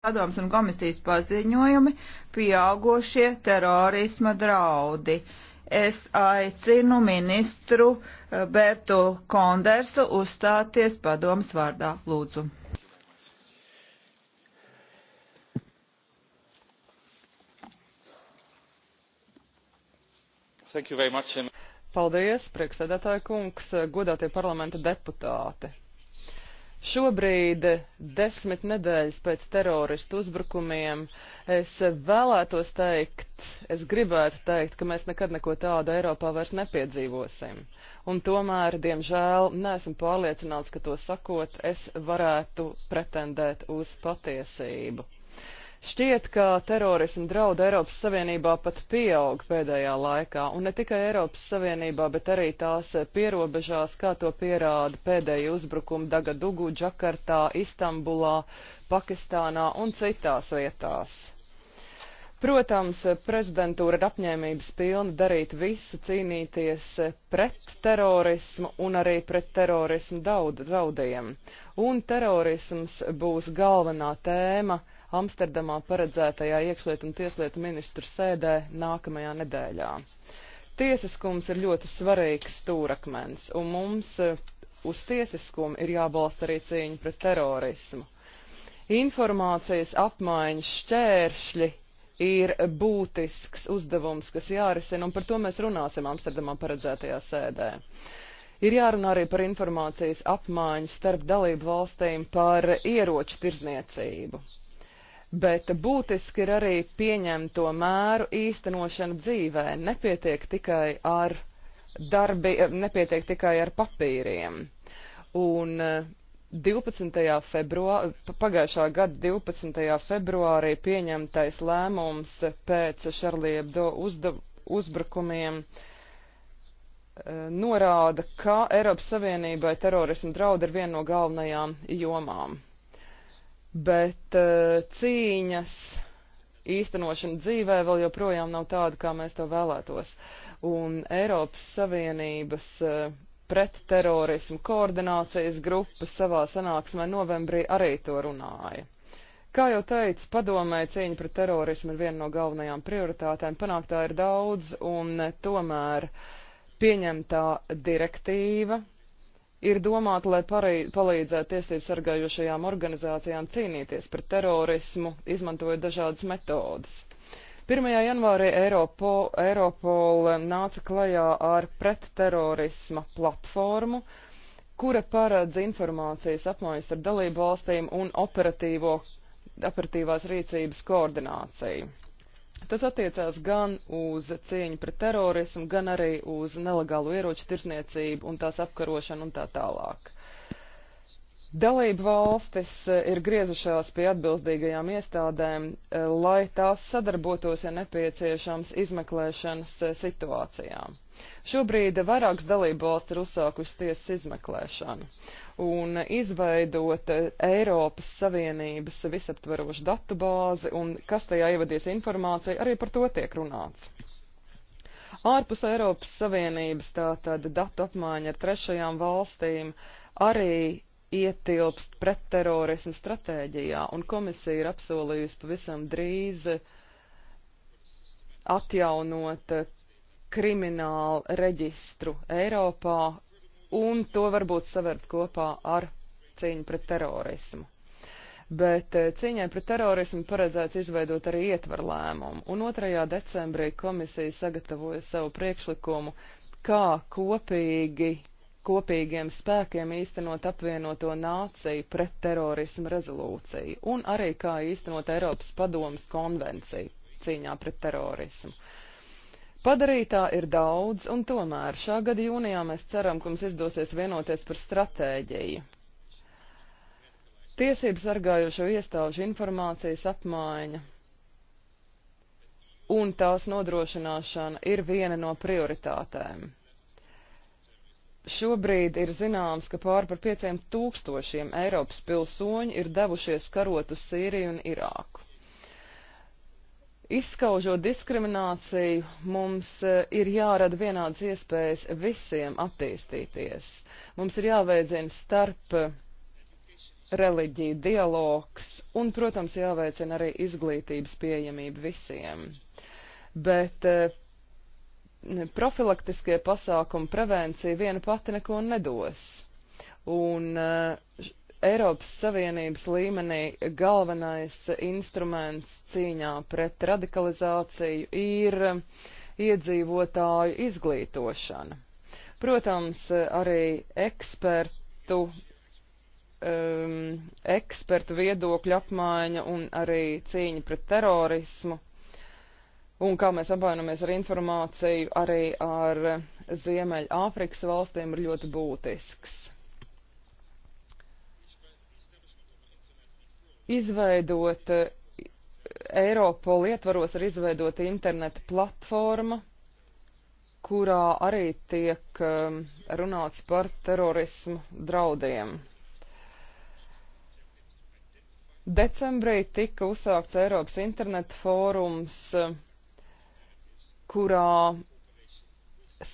padoms un komisijas paziņojumi pieaugošie terorisma draudi. Es aicinu ministru eh, Bertu Kondersu uzstāties padomas vārdā. Lūdzu. Paldies, priekšsēdētāja kungs, godātie parlamenta deputāti. Šobrīd, desmit nedēļas pēc teroristu uzbrukumiem, es vēlētos teikt, es gribētu teikt, ka mēs nekad neko tādu Eiropā vairs nepiedzīvosim. Un tomēr, diemžēl, neesmu pārliecināts, ka to sakot, es varētu pretendēt uz patiesību. Šķiet, ka terorismu draudu Eiropas Savienībā pat pieaug pēdējā laikā, un ne tikai Eiropas Savienībā, bet arī tās pierobežās, kā to pierāda pēdēji uzbrukumi Dagadugu, Džakartā, Istambulā, Pakistānā un citās vietās. Protams, prezidentūra ir apņēmības pilna darīt visu, cīnīties pret terorismu un arī pret terorismu draudiem. Un terorisms būs galvenā tēma Amsterdamā paredzētajā iekšlietu un tieslietu ministru sēdē nākamajā nedēļā. Tiesiskums ir ļoti svarīgs stūrakmens, un mums eh, uz tiesiskumu ir jābalsta arī cīņa pret terorismu. Informācijas apmaiņas šķēršļi ir būtisks uzdevums, kas jārisina, un par to mēs runāsim Amsterdamā paredzētajā sēdē. Ir jārunā arī par informācijas apmaiņu starp dalību valstīm par ieroču tirzniecību bet būtiski ir arī pieņemto mēru īstenošana dzīvē. Nepietiek tikai ar darbi, eh, nepietiek tikai ar papīriem. Un 12. Eh, februārī, pagājušā gada 12. februārī pieņemtais lēmums pēc Šarliebdo uzbrukumiem eh, norāda, ka Eiropas Savienībai terorismu draudi ir viena no galvenajām jomām bet uh, cīņas īstenošana dzīvē vēl joprojām nav tāda, kā mēs to vēlētos. Un Eiropas Savienības uh, pretterorismu koordinācijas grupa savā sanāksmē novembrī arī to runāja. Kā jau teicu, padomē cīņa pret terorismu ir viena no galvenajām prioritātēm, panāktā ir daudz, un eh, tomēr pieņemtā direktīva ir domāta, lai palīdzētu tiesību sargājošajām organizācijām cīnīties pret terorismu, izmantojot dažādas metodas. 1. janvārī Eiropol, Eiropol eh, nāca klajā ar pretterorisma platformu, kura paredz informācijas apmaiņas ar dalību valstīm un operatīvo, operatīvās rīcības koordināciju. Tas attiecās gan uz cīņu pret terorismu, gan arī uz nelegālu ieroču tirsniecību un tās apkarošanu un tā tālāk. Dalību valstis eh, ir griezušās pie atbildīgajām iestādēm, eh, lai tās sadarbotos, ja nepieciešams, izmeklēšanas eh, situācijām. Šobrīd vairākas dalību valsts ir uzsākušas tiesas izmeklēšanu un izveidot eh, Eiropas Savienības visaptverošu datu bāzi, un kas tajā ievadies informācija, arī par to tiek runāts. Ārpus Eiropas Savienības tātad datu apmaiņa ar trešajām valstīm arī ietilpst pretterorismu stratēģijā, un komisija ir apsolījusi pavisam drīz atjaunot kriminālu reģistru Eiropā, un to varbūt savert kopā ar cīņu pret terorismu. Bet eh, cīņai pret terorismu paredzēts izveidot arī ietvaru lēmumu, un 2. decembrī komisija sagatavoja savu priekšlikumu, kā kopīgi, kopīgiem spēkiem īstenot apvienoto nāciju pret terorismu rezolūciju, un arī kā īstenot Eiropas padomas konvenciju cīņā pret terorismu. Uh, Padarītā ir daudz, un tomēr šā gada jūnijā mēs ceram, ka mums izdosies vienoties par stratēģiju. Tiesības sargājošo iestāžu informācijas apmaiņa un tās nodrošināšana ir viena no prioritātēm. Šobrīd ir zināms, ka pār par pieciem tūkstošiem Eiropas pilsoņu ir devušies karot uz Sīriju un Irāku. Izskaužot diskrimināciju, mums e, ir jārada vienādas iespējas visiem attīstīties. Mums ir jāveicina starp reliģiju dialogs un, protams, jāveicina arī izglītības pieejamība visiem. Bet e, profilaktiskie pasākumi, prevencija viena pati neko nedos. Un e, Eiropas Savienības līmenī galvenais instruments cīņā pret radikalizāciju ir iedzīvotāju izglītošana. Protams, arī ekspertu um, ekspertu viedokļu apmaiņa un arī cīņa pret terorismu. Un kā mēs apvainojamies ar informāciju, arī ar Ziemeļāfrikas valstīm ir ļoti būtisks. izveidot eh, Eiropol ietvaros ir izveidota interneta platforma, kurā arī tiek eh, runāts par terorismu draudiem. Decembrī tika uzsākts Eiropas interneta fórums, kurā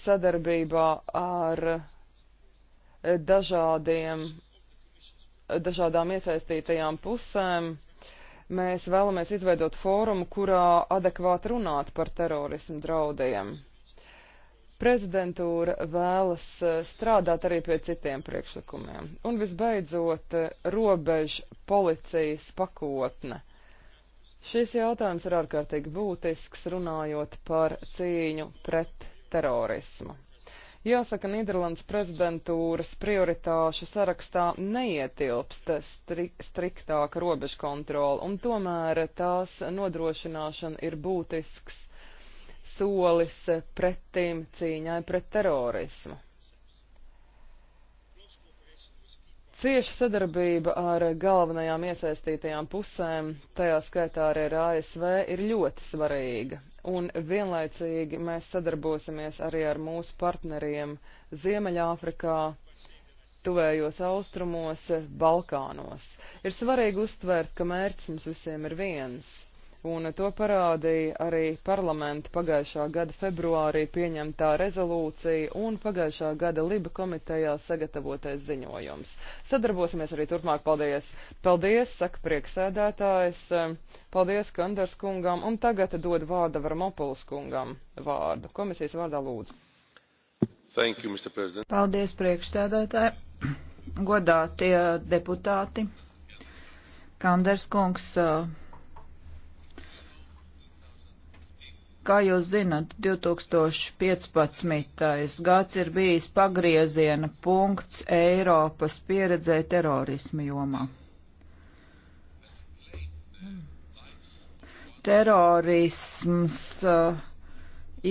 sadarbībā ar eh, dažādiem dažādām iesaistītajām pusēm. Mēs vēlamies izveidot fórumu, kurā adekvāti runāt par terorismu draudiem. Prezidentūra vēlas e, strādāt arī pie citiem priekšlikumiem. Un visbeidzot, e, robežu policijas pakotne. Šis jautājums ir ārkārtīgi būtisks, runājot par cīņu pret terorismu. Jāsaka, Nīderlandes prezidentūras prioritāšu sarakstā neietilpst stri striktāka robežu kontrola, un tomēr tās nodrošināšana ir būtisks solis pretim cīņai pret terorismu. Cieša sadarbība ar galvenajām iesaistītajām pusēm, tajā skaitā arī ar ASV, ir ļoti svarīga, un vienlaicīgi mēs sadarbosimies arī ar mūsu partneriem Ziemeļāfrikā, tuvējos austrumos, Balkānos. Ir svarīgi uztvert, ka mērķis mums visiem ir viens un to parādīja arī parlamenta pagājušā gada februārī pieņemtā rezolūcija un pagājušā gada Liba komitejā sagatavotais ziņojums. Sadarbosimies arī turpmāk. Paldies! Paldies, saka prieksēdētājs. Paldies Kandars kungam, un tagad dod vārdu Varmopulas kungam vārdu. Komisijas vārdā lūdzu. Thank you, Mr. President. Paldies, priekšstādātāji, godātie deputāti. Kanders kungs. Uh, Kā jūs zinat, 2015. gads ir bijis pagrieziena punkts Eiropas pieredzē terorismu jomā. Terorisms uh,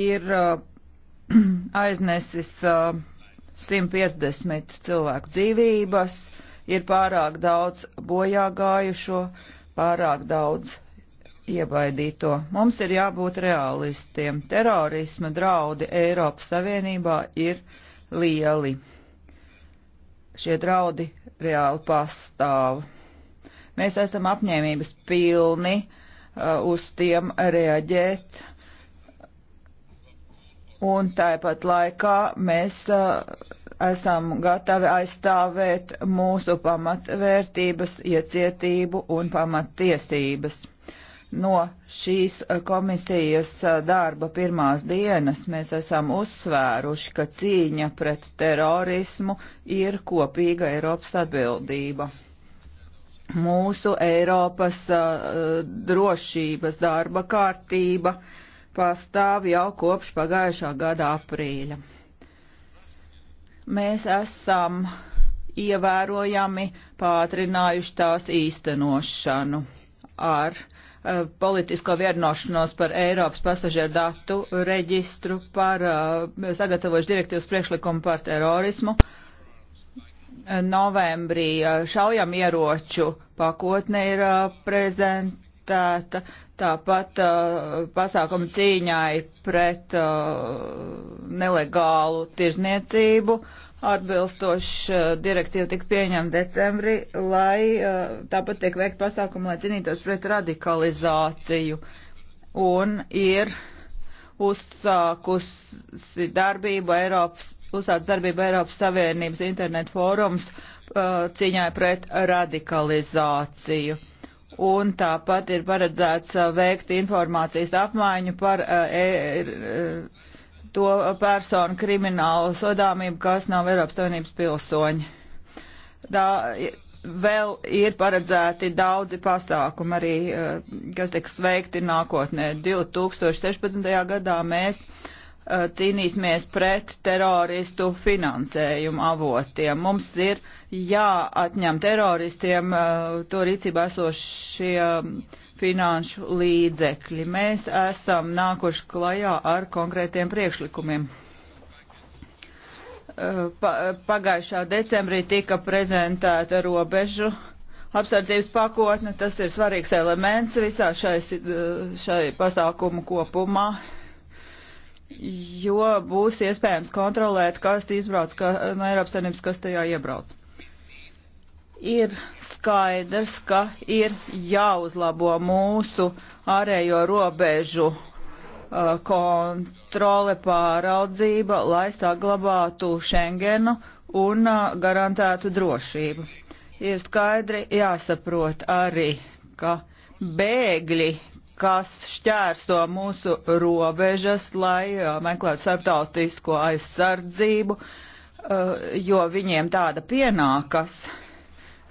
ir uh, aiznesis uh, 150 cilvēku dzīvības, ir pārāk daudz bojā gājušo, pārāk daudz iebaidīto. Mums ir jābūt realistiem. Terorisma draudi Eiropas Savienībā ir lieli. Šie draudi reāli pastāv. Mēs esam apņēmības pilni uh, uz tiem reaģēt. Un tāpat laikā mēs uh, esam gatavi aizstāvēt mūsu pamatvērtības, iecietību un pamattiesības no šīs eh, komisijas eh, darba pirmās dienas mēs esam uzsvēruši, ka cīņa pret terorismu ir kopīga Eiropas atbildība. Mūsu Eiropas uh, drošības darba kārtība pastāv jau kopš pagājušā gada aprīļa. Mēs esam ievērojami pātrinājuši tās īstenošanu ar uh, Eh, politisko vienošanos par Eiropas pasažieru datu reģistru, par eh, sagatavojuši direktīvas priekšlikumu par terorismu. Eh, novembrī šaujam ieroču pakotne ir prezentēta, tāpat pasākumu cīņai pret nelegālu tirzniecību Atbilstoši eh, direktīva tika pieņemta decembrī, lai eh, tāpat tiek veikt pasākumu, lai cīnītos pret radikalizāciju. Un ir uzsākusi darbību Eiropas, uzsācis darbību Eiropas Savienības internetu fórums eh, cīņā pret radikalizāciju un tāpat ir paredzēts veikt informācijas apmaiņu par e to personu kriminālu sodāmību, kas nav Eiropas Savienības pilsoņi. Tā vēl ir paredzēti daudzi pasākumi arī, eh, kas tiks veikti nākotnē. 2016. gadā mēs eh, cīnīsimies pret teroristu finansējumu avotiem. Mums ir jāatņem teroristiem eh, to rīcībā esošie finanšu līdzekļi. Mēs esam nākuši klajā ar konkrētiem priekšlikumiem. Eh, pa, pagājušā decembrī tika prezentēta robežu apsardzības pakotne. Tas ir svarīgs elements visā šai, eh, šai pasākumu kopumā, jo būs iespējams kontrolēt, kas izbrauc ka, no Eiropas Savienības, kas tajā iebrauc ir skaidrs, ka ir jāuzlabo mūsu ārējo robežu uh, kontrole pāraudzība, lai saglabātu Schengenu un uh, garantētu drošību. Ir skaidri jāsaprot arī, ka bēgļi, kas šķērso mūsu robežas, lai uh, meklētu starptautisko aizsardzību, uh, jo viņiem tāda pienākas,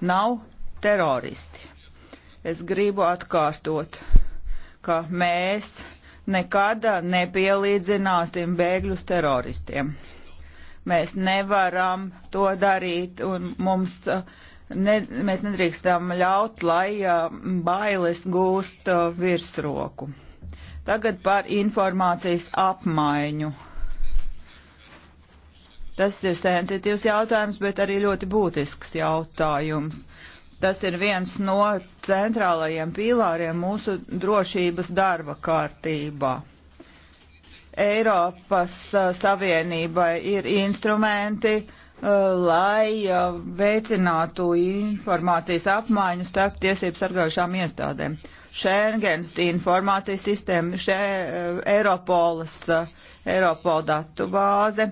nav teroristi. Es gribu atkārtot, ka mēs nekad nepielīdzināsim bēgļus teroristiem. Mēs nevaram to darīt un mums, uh, ne, mēs nedrīkstam ļaut, lai uh, bailes gūst uh, virsroku. Tagad par informācijas apmaiņu. Tas ir sensitīvs jautājums, bet arī ļoti būtisks jautājums. Tas ir viens no centrālajiem pīlāriem mūsu drošības darba kārtībā. Eiropas Savienībai ir instrumenti, lai veicinātu informācijas apmaiņu starp tiesību sargājušām iestādēm. Schengens informācijas sistēma, Eiropolas, Eiropola datu bāze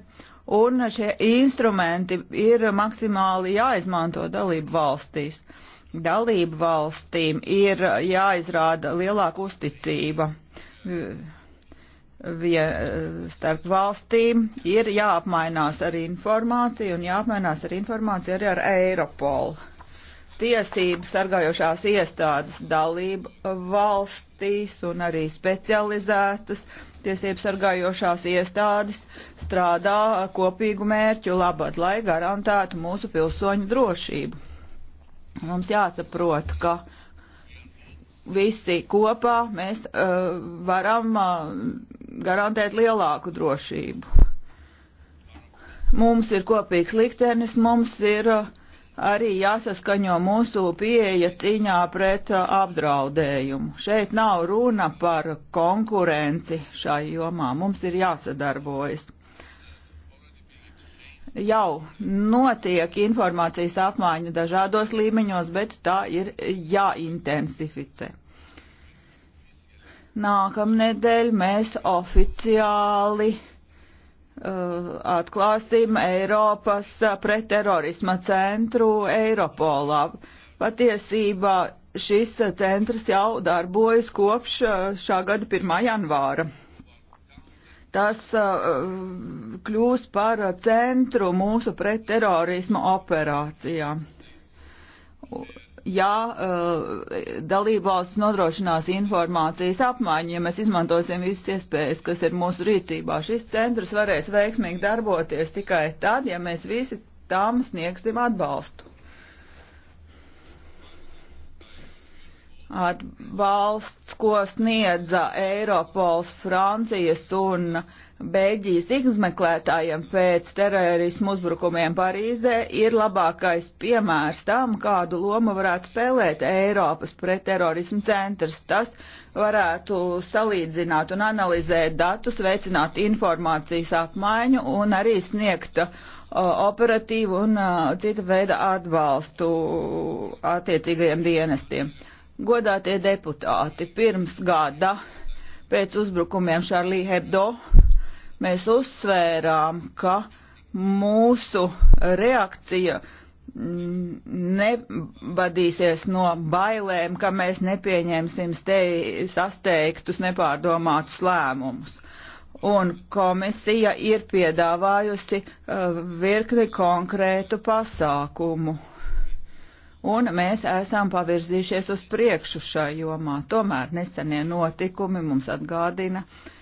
un šie instrumenti ir maksimāli jāizmanto dalību valstīs. Dalību valstīm ir jāizrāda lielāka uzticība vie, starp valstīm, ir jāapmainās ar informāciju un jāapmainās ar informāciju arī ar Eiropolu. Tiesību sargājošās iestādes dalību valstīs un arī specializētas uh, tiesības sargājošās iestādes strādā kopīgu mērķu labad, lai garantētu mūsu pilsoņu drošību. Mums jāsaprot, ka visi kopā mēs uh, varam uh, garantēt lielāku drošību. Mums ir kopīgs liktenis, mums ir uh, arī jāsaskaņo mūsu pieeja cīņā pret uh, apdraudējumu. Šeit nav runa par konkurenci šai jomā, mums ir jāsadarbojas. Jau notiek informācijas apmaiņa dažādos līmeņos, bet tā ir jāintensificē. Nākamnedēļ mēs oficiāli uh, Uh, atklāsim Eiropas uh, pretterorisma centru Eiropolā. Patiesībā šis uh, centrs jau darbojas kopš šā gada 1. janvāra. Tas kļūs par centru mūsu pretterorisma operācijām ja eh, dalībvalsts nodrošinās informācijas apmaiņu, ja mēs izmantosim visas iespējas, kas ir mūsu rīcībā. Šis centrs varēs veiksmīgi darboties tikai tad, ja mēs visi tam sniegsim atbalstu. Atbalsts, ko sniedza Eiropols, Francijas un uh, Beļģijas izmeklētājiem pēc terorismu uzbrukumiem Parīzē ir labākais piemērs tam, kādu lomu varētu spēlēt Eiropas pretterorismu centrs. Tas varētu salīdzināt un analizēt datus, veicināt informācijas apmaiņu un arī sniegt uh, operatīvu un uh, cita veida atbalstu attiecīgajiem dienestiem. Godātie deputāti, pirms gada pēc uzbrukumiem Šarlī Hebdo mēs uzsvērām, ka mūsu reakcija mm, nebadīsies no bailēm, ka mēs nepieņemsim stei, sasteigtus, nepārdomātus lēmumus. Un komisija ir piedāvājusi uh, virkni konkrētu pasākumu. Un mēs esam pavirzījušies uz priekšu šai jomā. Tomēr nesenie notikumi mums atgādina, uh,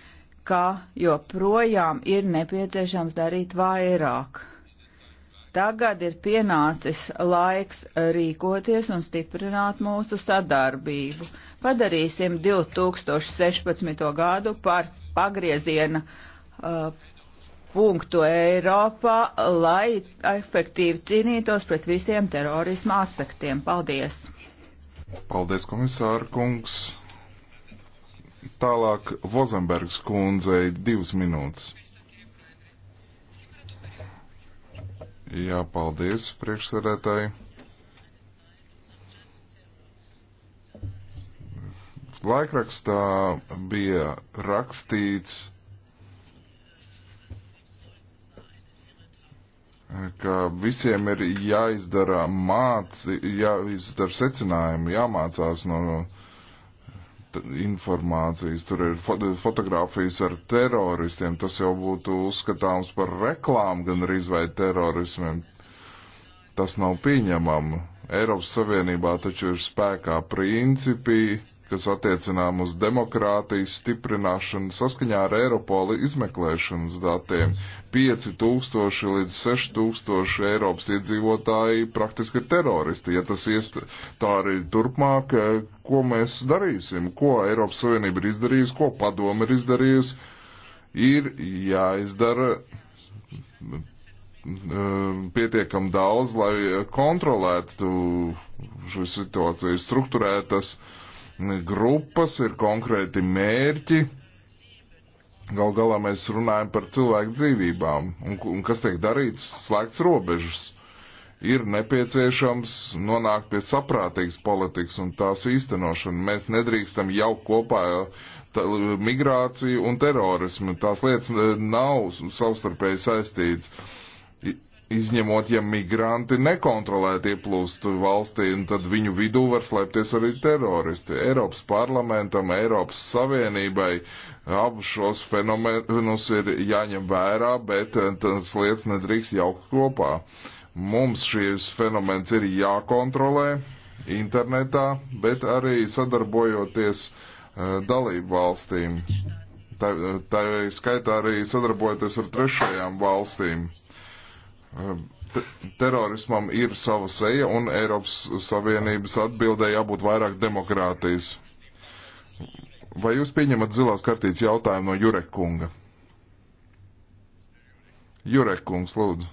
ka joprojām ir nepieciešams darīt vairāk. Tagad ir pienācis laiks rīkoties un stiprināt mūsu sadarbību. Padarīsim 2016. gadu par pagrieziena uh, punktu Eiropā, lai efektīvi cīnītos pret visiem terorisma aspektiem. Paldies! Paldies, komisāra kungs! Tālāk Vozembergs kundzei divas minūtes. Jā, paldies priekšsēdētāji. Laikrakstā bija rakstīts, ka visiem ir jāizdara māci, jāizdara secinājumi, jāmācās no. no informācijas, tur ir fo fotografijas ar teroristiem, tas jau būtu uzskatāms par reklāmu gan arī vai terorismiem. Tas nav pieņemama. Eiropas Savienībā taču ir spēkā principi, kas attiecinām uz demokrātijas stiprināšanu saskaņā ar Eiropola izmeklēšanas datiem. 5000 līdz 6000 Eiropas iedzīvotāji praktiski ir teroristi. Ja tas iest tā arī turpmāk, eh, ko mēs darīsim, ko Eiropas Savienība ir izdarījusi, ko padoma ir izdarījusi, ir jāizdara eh, pietiekam daudz, lai kontrolētu šo situāciju, struktūrētas uh, grupas, ir konkrēti mērķi. Gal galā mēs runājam par cilvēku dzīvībām, un, un kas tiek darīts, slēgts robežas. Ir nepieciešams nonākt pie saprātīgas politikas un tās īstenošana. Mēs nedrīkstam jau kopā tā, migrāciju un terorismu. Tās lietas eh, nav savstarpēji saistītas. Uh, izņemot, ja migranti nekontrolēti ieplūst valstī, un tad viņu vidū var slēpties arī teroristi. Eiropas parlamentam, Eiropas Savienībai abu šos fenomenus ir jāņem vērā, bet eh, tas lietas nedrīkst jaukt kopā. Mums šis fenomens ir jākontrolē internetā, bet arī sadarbojoties eh, dalību valstīm. Tā, tā skaitā arī sadarbojoties ar trešajām valstīm terorismam ir sava seja un Eiropas Savienības atbildē jābūt vairāk demokrātijas. Vai jūs pieņemat zilās kartītes jautājumu no Jurekunga? Jurekungs, lūdzu.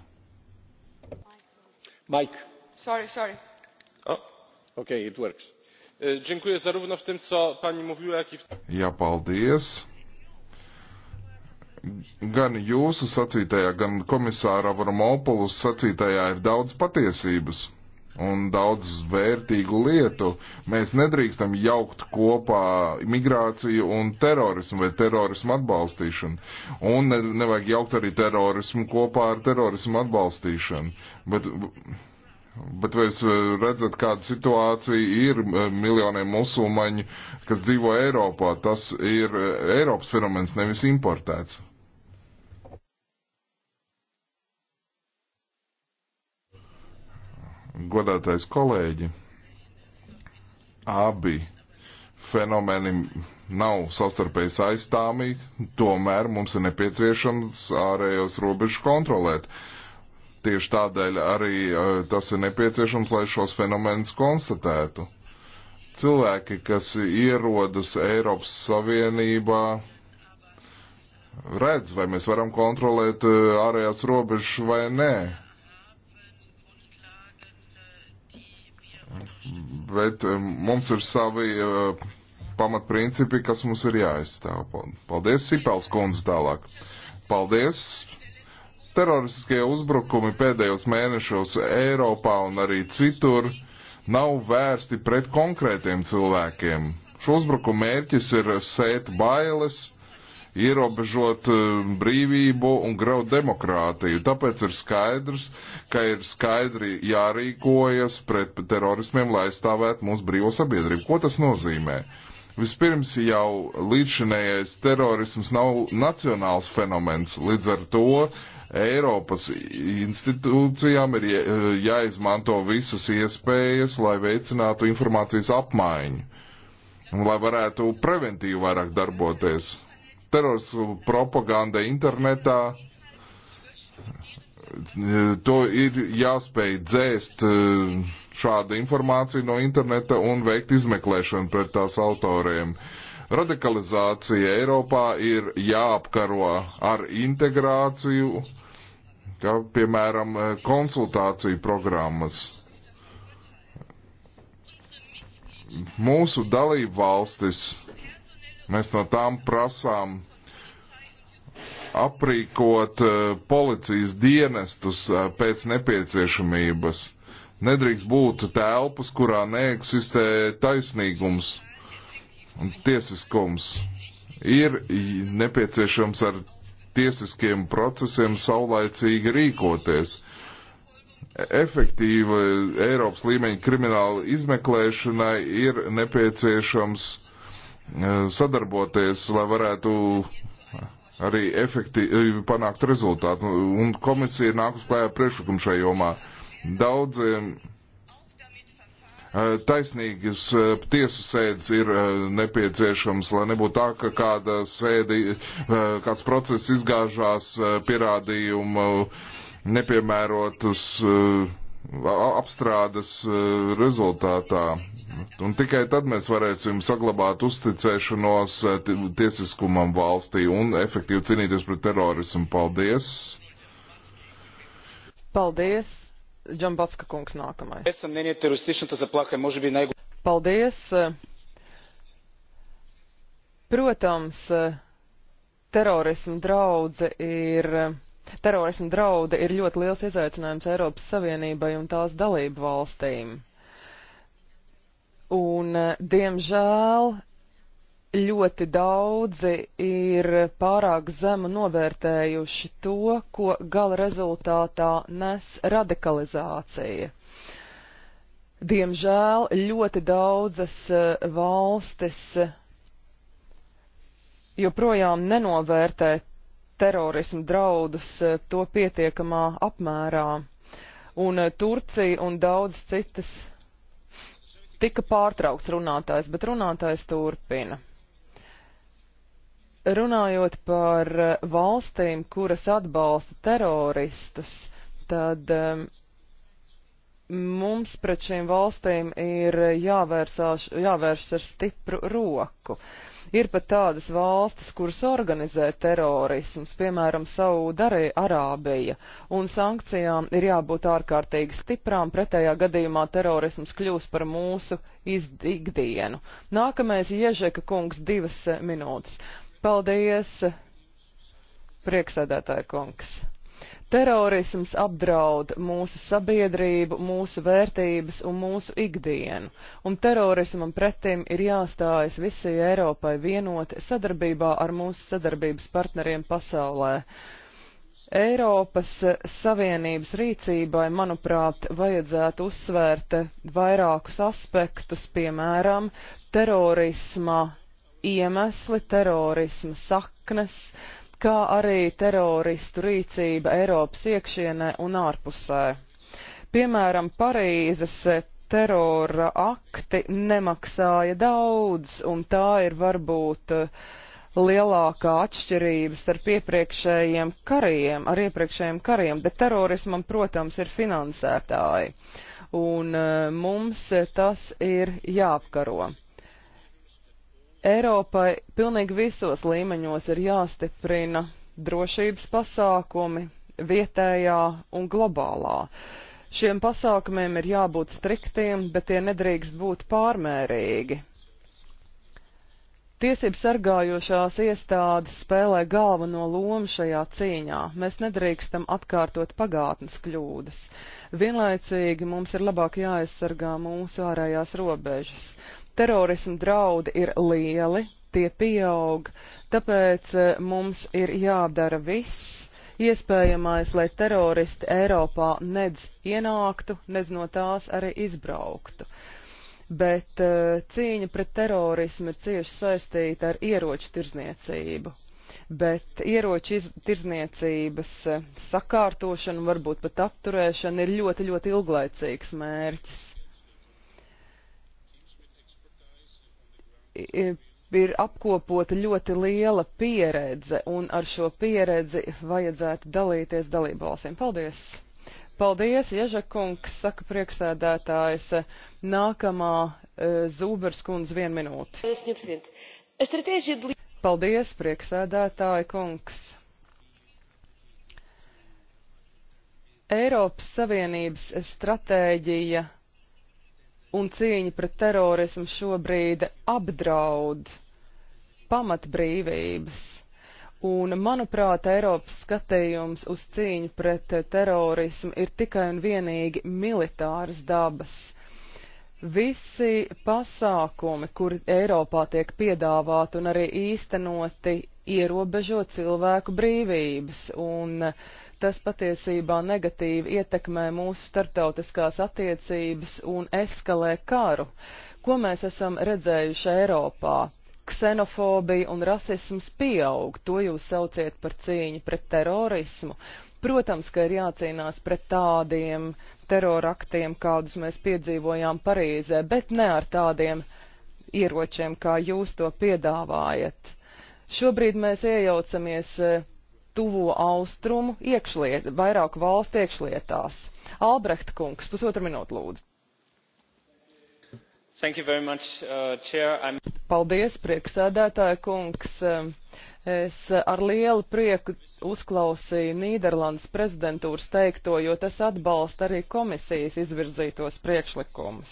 Mike. Sorry, sorry. Oh, okay, it works. E, dziękuję zarówno w tym, co pani mówiła, jak i w... Ja, paldies gan jūsu sacītajā, gan komisāra Avramopulus sacītajā ir daudz patiesības un daudz vērtīgu lietu. Mēs nedrīkstam jaukt kopā migrāciju un terorismu vai terorismu atbalstīšanu. Un ne, nevajag jaukt arī terorismu kopā ar terorismu atbalstīšanu. Bet Bet vai jūs eh, redzat, kāda situācija ir eh, miljoniem musulmaņu, kas dzīvo Eiropā? Tas ir eh, Eiropas fenomens, nevis importēts. Godātais kolēģi, abi fenomeni nav savstarpēji saistāmi, tomēr mums ir nepieciešams ārējos robežu kontrolēt. Uh, Tieši tādēļ arī e, tas ir nepieciešams, lai šos fenomenus konstatētu. Cilvēki, kas ierodas Eiropas Savienībā, redz, vai mēs varam kontrolēt e, ārējās robežas vai nē. Bet e, mums ir savi pamatprincipi, kas mums ir jāizstāv. Paldies, Sipels kundze tālāk. Paldies! Teroristiskie uzbrukumi pēdējos mēnešos Eiropā un arī citur nav vērsti pret konkrētiem cilvēkiem. Šo uzbrukumu mērķis ir sēt bailes, ierobežot eh, brīvību un graud demokrātiju. Tāpēc ir skaidrs, ka ir skaidri jārīkojas pret terorismiem, lai aizstāvētu mūsu brīvo sabiedrību. Ko tas nozīmē? Vispirms jau līdzinējais terorisms nav nacionāls fenomens, līdz ar to Eiropas institūcijām ir eh, jāizmanto visas iespējas, lai veicinātu informācijas apmaiņu un lai varētu preventīvi vairāk darboties. Teroristu propaganda internetā eh, to ir jāspēj dzēst eh, šādu informāciju no interneta un veikt izmeklēšanu pret tās autoriem. Radikalizācija Eiropā ir jāapkaro ar integrāciju kā piemēram eh, konsultāciju programmas. Mūsu dalību valstis, mēs no tām prasām aprīkot eh, policijas dienestus eh, pēc nepieciešamības. Nedrīkst būt telpas, kurā neeksistē taisnīgums un tiesiskums ir nepieciešams ar tiesiskiem procesiem saulaicīgi rīkoties. Efektīva Eiropas līmeņa krimināla izmeklēšana ir nepieciešams e, sadarboties, lai varētu arī efektīvi e, panākt rezultātu. Un komisija nākus klājā priekšlikumu šajā jomā. Daudziem Eh, taisnīgas eh, tiesu sēdes ir eh, nepieciešams, lai nebūtu tā, ka kāda sēdi, kāds process izgāžās pierādījumu nepiemērotus apstrādes rezultātā. Un tikai tad mēs varēsim saglabāt uzticēšanos tiesiskumam valstī un efektīvi cīnīties pret terorismu. Paldies! Paldies! Džambatska kungs nākamais. Es mnenje teroristična zaplaka može bi najgu... Paldies. Protams, terorismu draudze ir. Terorismu draudi ir ļoti liels izaicinājums Eiropas Savienībai un tās dalību valstīm. Un, diemžēl, ļoti daudzi ir pārāk zemu novērtējuši to, ko gala rezultātā nes radikalizācija. Diemžēl ļoti daudzas e, valstis joprojām nenovērtē terorismu draudus e, to pietiekamā apmērā, un e, Turcija un daudz citas tika pārtraukts runātājs, bet runātājs turpina. Runājot par eh, valstīm, kuras atbalsta teroristus, tad um, mums pret šīm valstīm ir jāvērsās, jāvēršas ar stipru roku. Ir pat tādas valstis, kuras organizē terorisms, piemēram, Saudārija, Arābija, un sankcijām ir jābūt ārkārtīgi stiprām, pretējā gadījumā terorisms kļūs par mūsu ikdienu. Nākamais Ježeka kungs divas eh, minūtes. Paldies, prieksēdētāja kungs. Terorisms apdraud mūsu sabiedrību, mūsu vērtības un mūsu ikdienu, un terorismam pretim ir jāstājas visai Eiropai vienoti sadarbībā ar mūsu sadarbības partneriem pasaulē. Eiropas Savienības rīcībai, manuprāt, vajadzētu uzsvērt vairākus aspektus, piemēram, terorisma iemesli, terorisma saknes, kā arī teroristu rīcība Eiropas iekšienē un ārpusē. Piemēram, Parīzes terora akti nemaksāja daudz, un tā ir varbūt eh, lielākā atšķirība starp iepriekšējiem kariem, ar iepriekšējiem kariem, bet terorismam, protams, ir finansētāji, un eh, mums tas ir jāapkaro. Eiropai pilnīgi visos līmeņos ir jāstiprina drošības pasākumi vietējā un globālā. Šiem pasākumiem ir jābūt striktiem, bet tie nedrīkst būt pārmērīgi. Tiesību sargājošās iestādes spēlē galveno lomu šajā cīņā. Mēs nedrīkstam atkārtot pagātnes kļūdas. Vienlaicīgi mums ir labāk jāaizsargā mūsu ārējās robežas. Terorismu draudi ir lieli, tie pieaug, tāpēc eh, mums ir jādara viss iespējamais, lai teroristi Eiropā nedz ienāktu, nedz no tās arī izbrauktu. Bet eh, cīņa pret terorismu ir cieši saistīta ar ieroču tirzniecību, bet ieroču tirzniecības eh, sakārtošana, varbūt pat apturēšana ir ļoti, ļoti ilglaicīgs mērķis. ir apkopota ļoti liela pieredze, un ar šo pieredzi vajadzētu dalīties dalību valstīm. Paldies! Paldies, Ježakungs, saka priekšsēdētājs. Nākamā e, Zūbers kundze vien minūte. Paldies, priekšsēdētāja kungs. Eiropas Savienības stratēģija un cīņa pret terorismu šobrīd apdraud pamatbrīvības. Un, manuprāt, Eiropas skatījums uz cīņu pret terorismu ir tikai un vienīgi militāras dabas. Visi pasākumi, kuri Eiropā tiek piedāvāti un arī īstenoti, ierobežo cilvēku brīvības, un uh, Tas patiesībā negatīvi ietekmē mūsu starptautiskās attiecības un eskalē karu. Ko mēs esam redzējuši Eiropā? Ksenofobija un rasisms pieaug, to jūs sauciet par cīņu pret terorismu. Protams, ka ir jācīnās pret tādiem teroraktiem, kādus mēs piedzīvojām Parīzē, bet ne ar tādiem ieročiem, kā jūs to piedāvājat. Šobrīd mēs iejaucamies eh, tuvo austrumu iekšliet, vairāku valstu iekšlietās. Albrecht kungs, pusotru minūtu lūdzu. Thank you very much, uh, Chair. I'm... Paldies, prieksēdētāja kungs. Uh, Es ar lielu prieku uzklausīju Nīderlandes prezidentūras teikto, jo tas atbalsta arī komisijas izvirzītos priekšlikumus.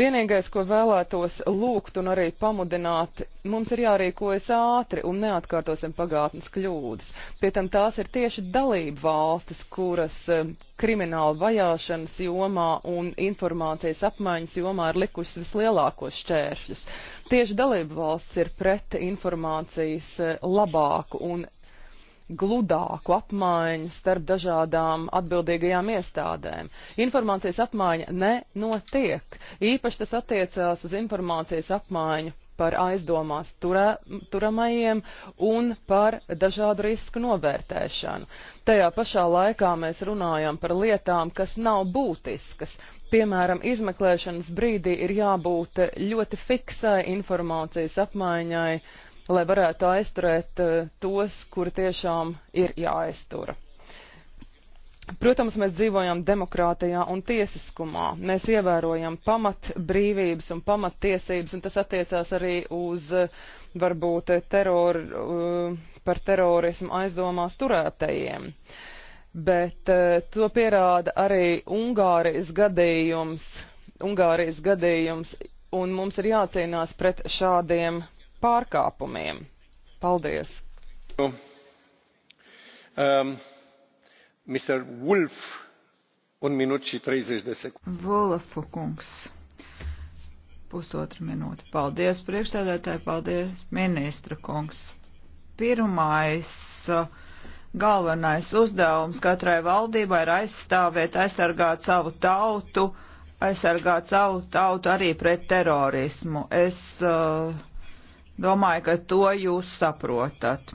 Vienīgais, ko vēlētos lūgt un arī pamudināt, mums ir jārīkojas ātri un neatkārtosim pagātnes kļūdas. Pie tam tās ir tieši dalību valstis, kuras eh, krimināla vajāšanas jomā un informācijas apmaiņas jomā ir likušas vislielākos šķēršļus. Tieši dalību valsts ir pret informācijas eh, labāku un gludāku apmaiņu starp dažādām atbildīgajām iestādēm. Informācijas apmaiņa nenotiek. Īpaši tas attiecās uz informācijas apmaiņu par aizdomās turē, turamajiem un par dažādu risku novērtēšanu. Tajā pašā laikā mēs runājam par lietām, kas nav būtiskas. Piemēram, izmeklēšanas brīdī ir jābūt ļoti fiksai informācijas apmaiņai, lai varētu aizturēt eh, tos, kuri tiešām ir jāaiztura. Protams, mēs dzīvojam demokrātijā un tiesiskumā. Mēs ievērojam pamat brīvības un pamat tiesības, un tas attiecās arī uz eh, varbūt teror, eh, par terorismu aizdomās turētajiem. Uh, bet eh, to pierāda arī Ungārijas gadījums. Ungārijas gadījums, un mums ir jācīnās pret šādiem pārkāpumiem. Paldies! Um, Mr. Wolf, un minūte 30 sekundes. Wolfu kungs, pusotru minūti. Paldies, priekšsēdētāji, paldies, ministra kungs. Pirmais. Uh, Galvenais uzdevums katrai valdībai ir aizstāvēt, aizsargāt savu tautu, aizsargāt savu tautu arī pret terorismu. Es uh, domāju, ka to jūs saprotat.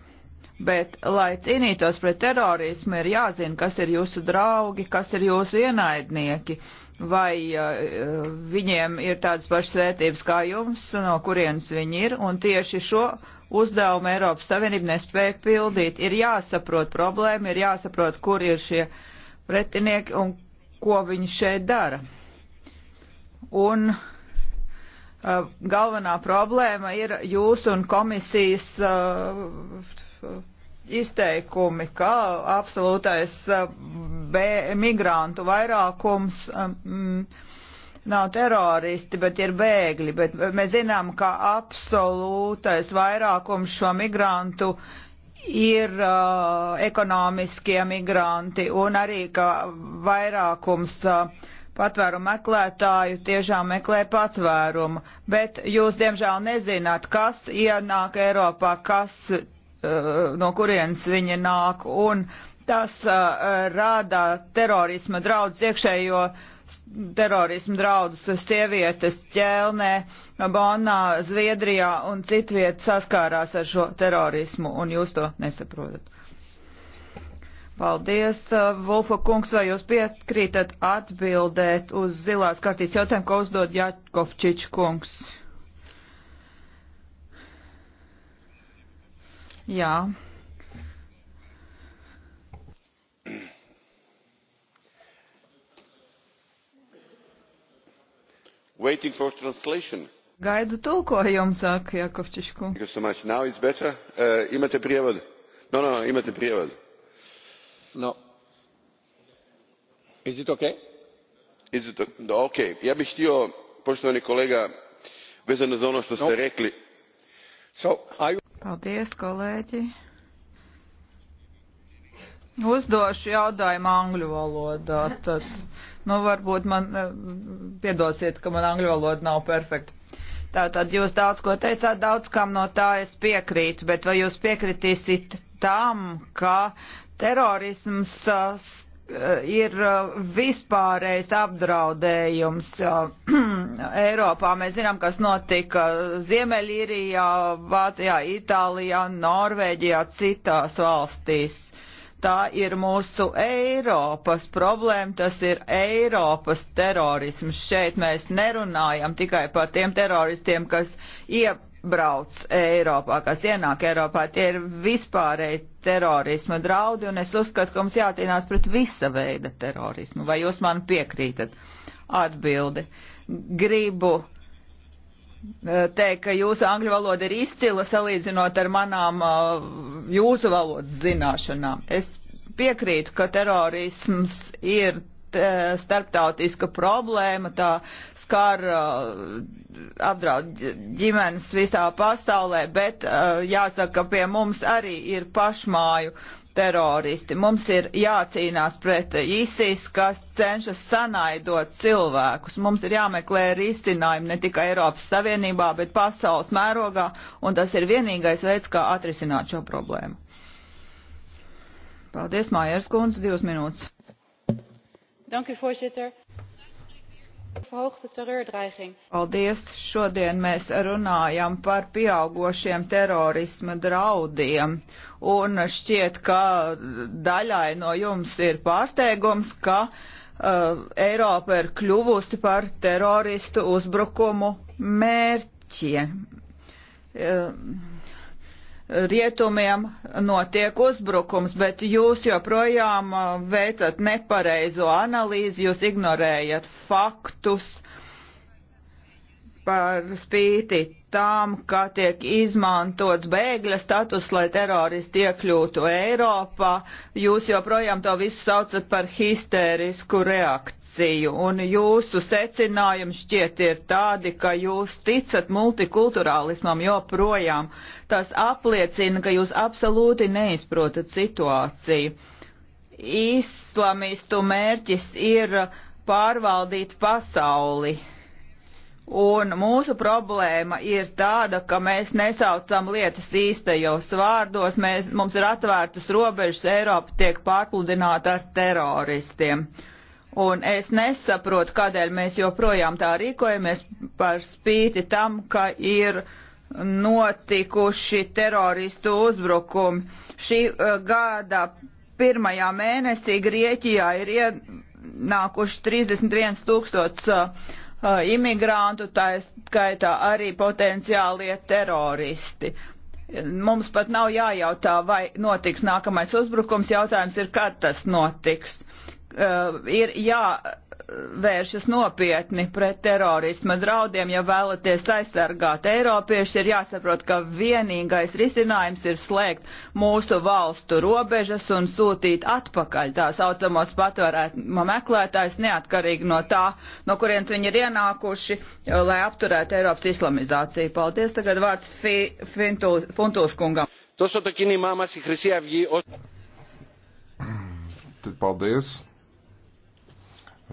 Bet, lai cīnītos pret terorismu, ir jāzina, kas ir jūsu draugi, kas ir jūsu ienaidnieki, vai uh, viņiem ir tādas pašas vērtības kā jums, no kurienes viņi ir, un tieši šo uzdevumu Eiropas Savienība nespēja pildīt. Ir jāsaprot problēma, ir jāsaprot, kur ir šie pretinieki un ko viņi šeit dara. Un uh, galvenā problēma ir jūsu un komisijas uh, izteikumi, ka absolūtais uh, bē, migrantu vairākums. Um, mm, Nav teroristi, bet ir bēgļi, bet mēs zinām, ka absolūtais vairākums šo migrantu ir uh, ekonomiskie migranti un arī, ka vairākums uh, patvērumu meklētāju tiešām meklē patvērumu, bet jūs diemžēl nezināt, kas ienāk Eiropā, kas, uh, no kurienes viņi nāk, un Tas uh, rada terorisma draudz iekšējo terorismu draudus sievietes ķelnē, Bonā, Zviedrijā un citviet saskārās ar šo terorismu, un jūs to nesaprotat. Paldies, uh, Vulfa kungs, vai jūs piekrītat atbildēt uz zilās kartītes jautājumu, ko uzdod Jākovčič kungs? Jā. waiting for translation. Gaidu tulkojumu, saka Jakovčiš kungs. Thank you so much. Now it's better. Uh, imate prijevod? No, no, imate prijevod. No. Is it okay? Is it okay? Ja bih htio, poštovani kolega, vezano za ono što ste no. rekli. So, I... Paldies, kolēģi. Uzdošu jautājumu angļu valodā. Tad. Nu, varbūt man eh, piedosiet, ka man angļu valoda nav perfekta. Tātad jūs daudz ko teicāt, daudz kam no tā es piekrītu, bet vai jūs piekritīsit tam, ka terorisms eh, ir eh, vispārējais apdraudējums Eiropā. Mēs zinām, kas notika Ziemeļīrijā, Vācijā, Itālijā, Norvēģijā, citās valstīs. Uh, Tā ir mūsu Eiropas problēma, tas ir Eiropas terorisms. Šeit mēs nerunājam tikai par tiem teroristiem, kas iebrauc Eiropā, kas ienāk Eiropā. Tie ir vispārēji terorisma draudi, un es uzskatu, ka mums jācīnās pret visa veida terorismu. Vai jūs man piekrītat? Atbildi. Gribu teikt, ka jūsu angļu valoda ir izcila salīdzinot ar manām uh, jūsu valodas zināšanām. Es piekrītu, ka terorisms ir uh, starptautiska problēma, tā skar uh, apdraud ģimenes visā pasaulē, bet jāsaka, pie mums arī ir pašmāju teroristi. Mums ir jācīnās pret ISIS, kas cenšas sanaidot cilvēkus. Mums ir jāmeklē risinājumi ne tikai Eiropas Savienībā, bet pasaules mērogā, un tas ir vienīgais veids, kā atrisināt šo problēmu. Paldies, Mājers Kunds, divas minūtes. Dank u, voorzitter. Paldies! Šodien mēs runājam par pieaugošiem terorisma draudiem, un šķiet, ka daļai no jums ir pārsteigums, ka uh, Eiropa ir kļuvusi par teroristu uzbrukumu mērķi. Uh, rietumiem notiek uzbrukums, bet jūs joprojām uh, veicat nepareizo analīzi, jūs ignorējat faktus. Uh, par spīti tām, kā tiek izmantots bēgļa status, lai teroristi iekļūtu Eiropā, jūs joprojām to visu saucat par histērisku reakciju, un jūsu secinājumi šķiet ir tādi, ka jūs ticat multikulturālismam joprojām. Tas apliecina, ka jūs absolūti neizprotat situāciju. Islamistu mērķis ir pārvaldīt pasauli Un mūsu problēma ir tāda, ka mēs nesaucam lietas īstajos vārdos, mēs, mums ir atvērtas robežas, Eiropa tiek pārpludināta ar teroristiem. Un es nesaprotu, kādēļ mēs joprojām tā rīkojamies par spīti tam, ka ir notikuši teroristu uzbrukumi. Šī eh, gada pirmajā mēnesī Grieķijā ir ienākuši 31 tūkstots uh, Uh, imigrantu, tā skaitā arī potenciālie teroristi. Mums pat nav jājautā, vai notiks nākamais uzbrukums, jautājums ir, kad tas notiks. Uh, ir jā jāvēršas nopietni pret terorisma draudiem, ja vēlaties aizsargāt Eiropieši, ir jāsaprot, ka vienīgais risinājums ir slēgt mūsu valstu robežas un sūtīt atpakaļ tā saucamos patvērētuma meklētājs, neatkarīgi no tā, no kurienes viņi ir ienākuši, lai apturētu Eiropas islamizāciju. Paldies, tagad vārds fi, Fintus, Funtus kungam. Paldies.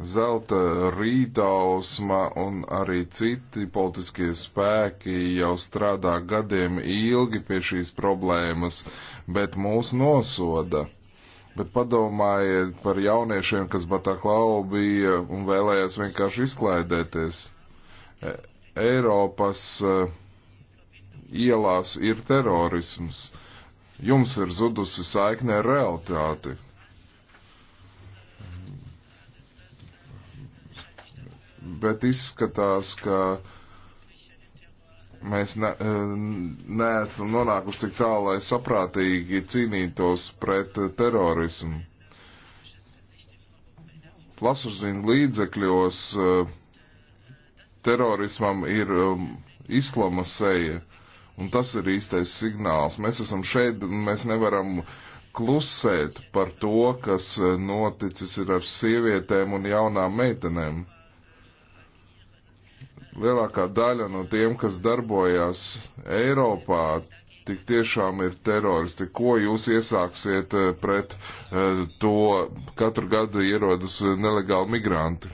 Zelta rītausma un arī citi politiskie spēki jau strādā gadiem ilgi pie šīs problēmas, bet mūs nosoda. Bet padomājiet par jauniešiem, kas Bataklau bija un vēlējās vienkārši izklaidēties. E, Eiropas e, ielās ir terorisms. Jums ir zudusi saikne ar realitāti. bet izskatās, ka mēs ne, e, neesam nonākuši tik tālu, lai saprātīgi cīnītos pret terorismu. Plasurzīna līdzekļos e, terorismam ir e, islama seja, un tas ir īstais signāls. Mēs esam šeit, un mēs nevaram klusēt par to, kas noticis ir ar sievietēm un jaunām meitenēm lielākā daļa no tiem, kas darbojās Eiropā, tik tiešām ir teroristi. Ko jūs iesāksiet eh, pret eh, to katru gadu ierodas nelegāli migranti?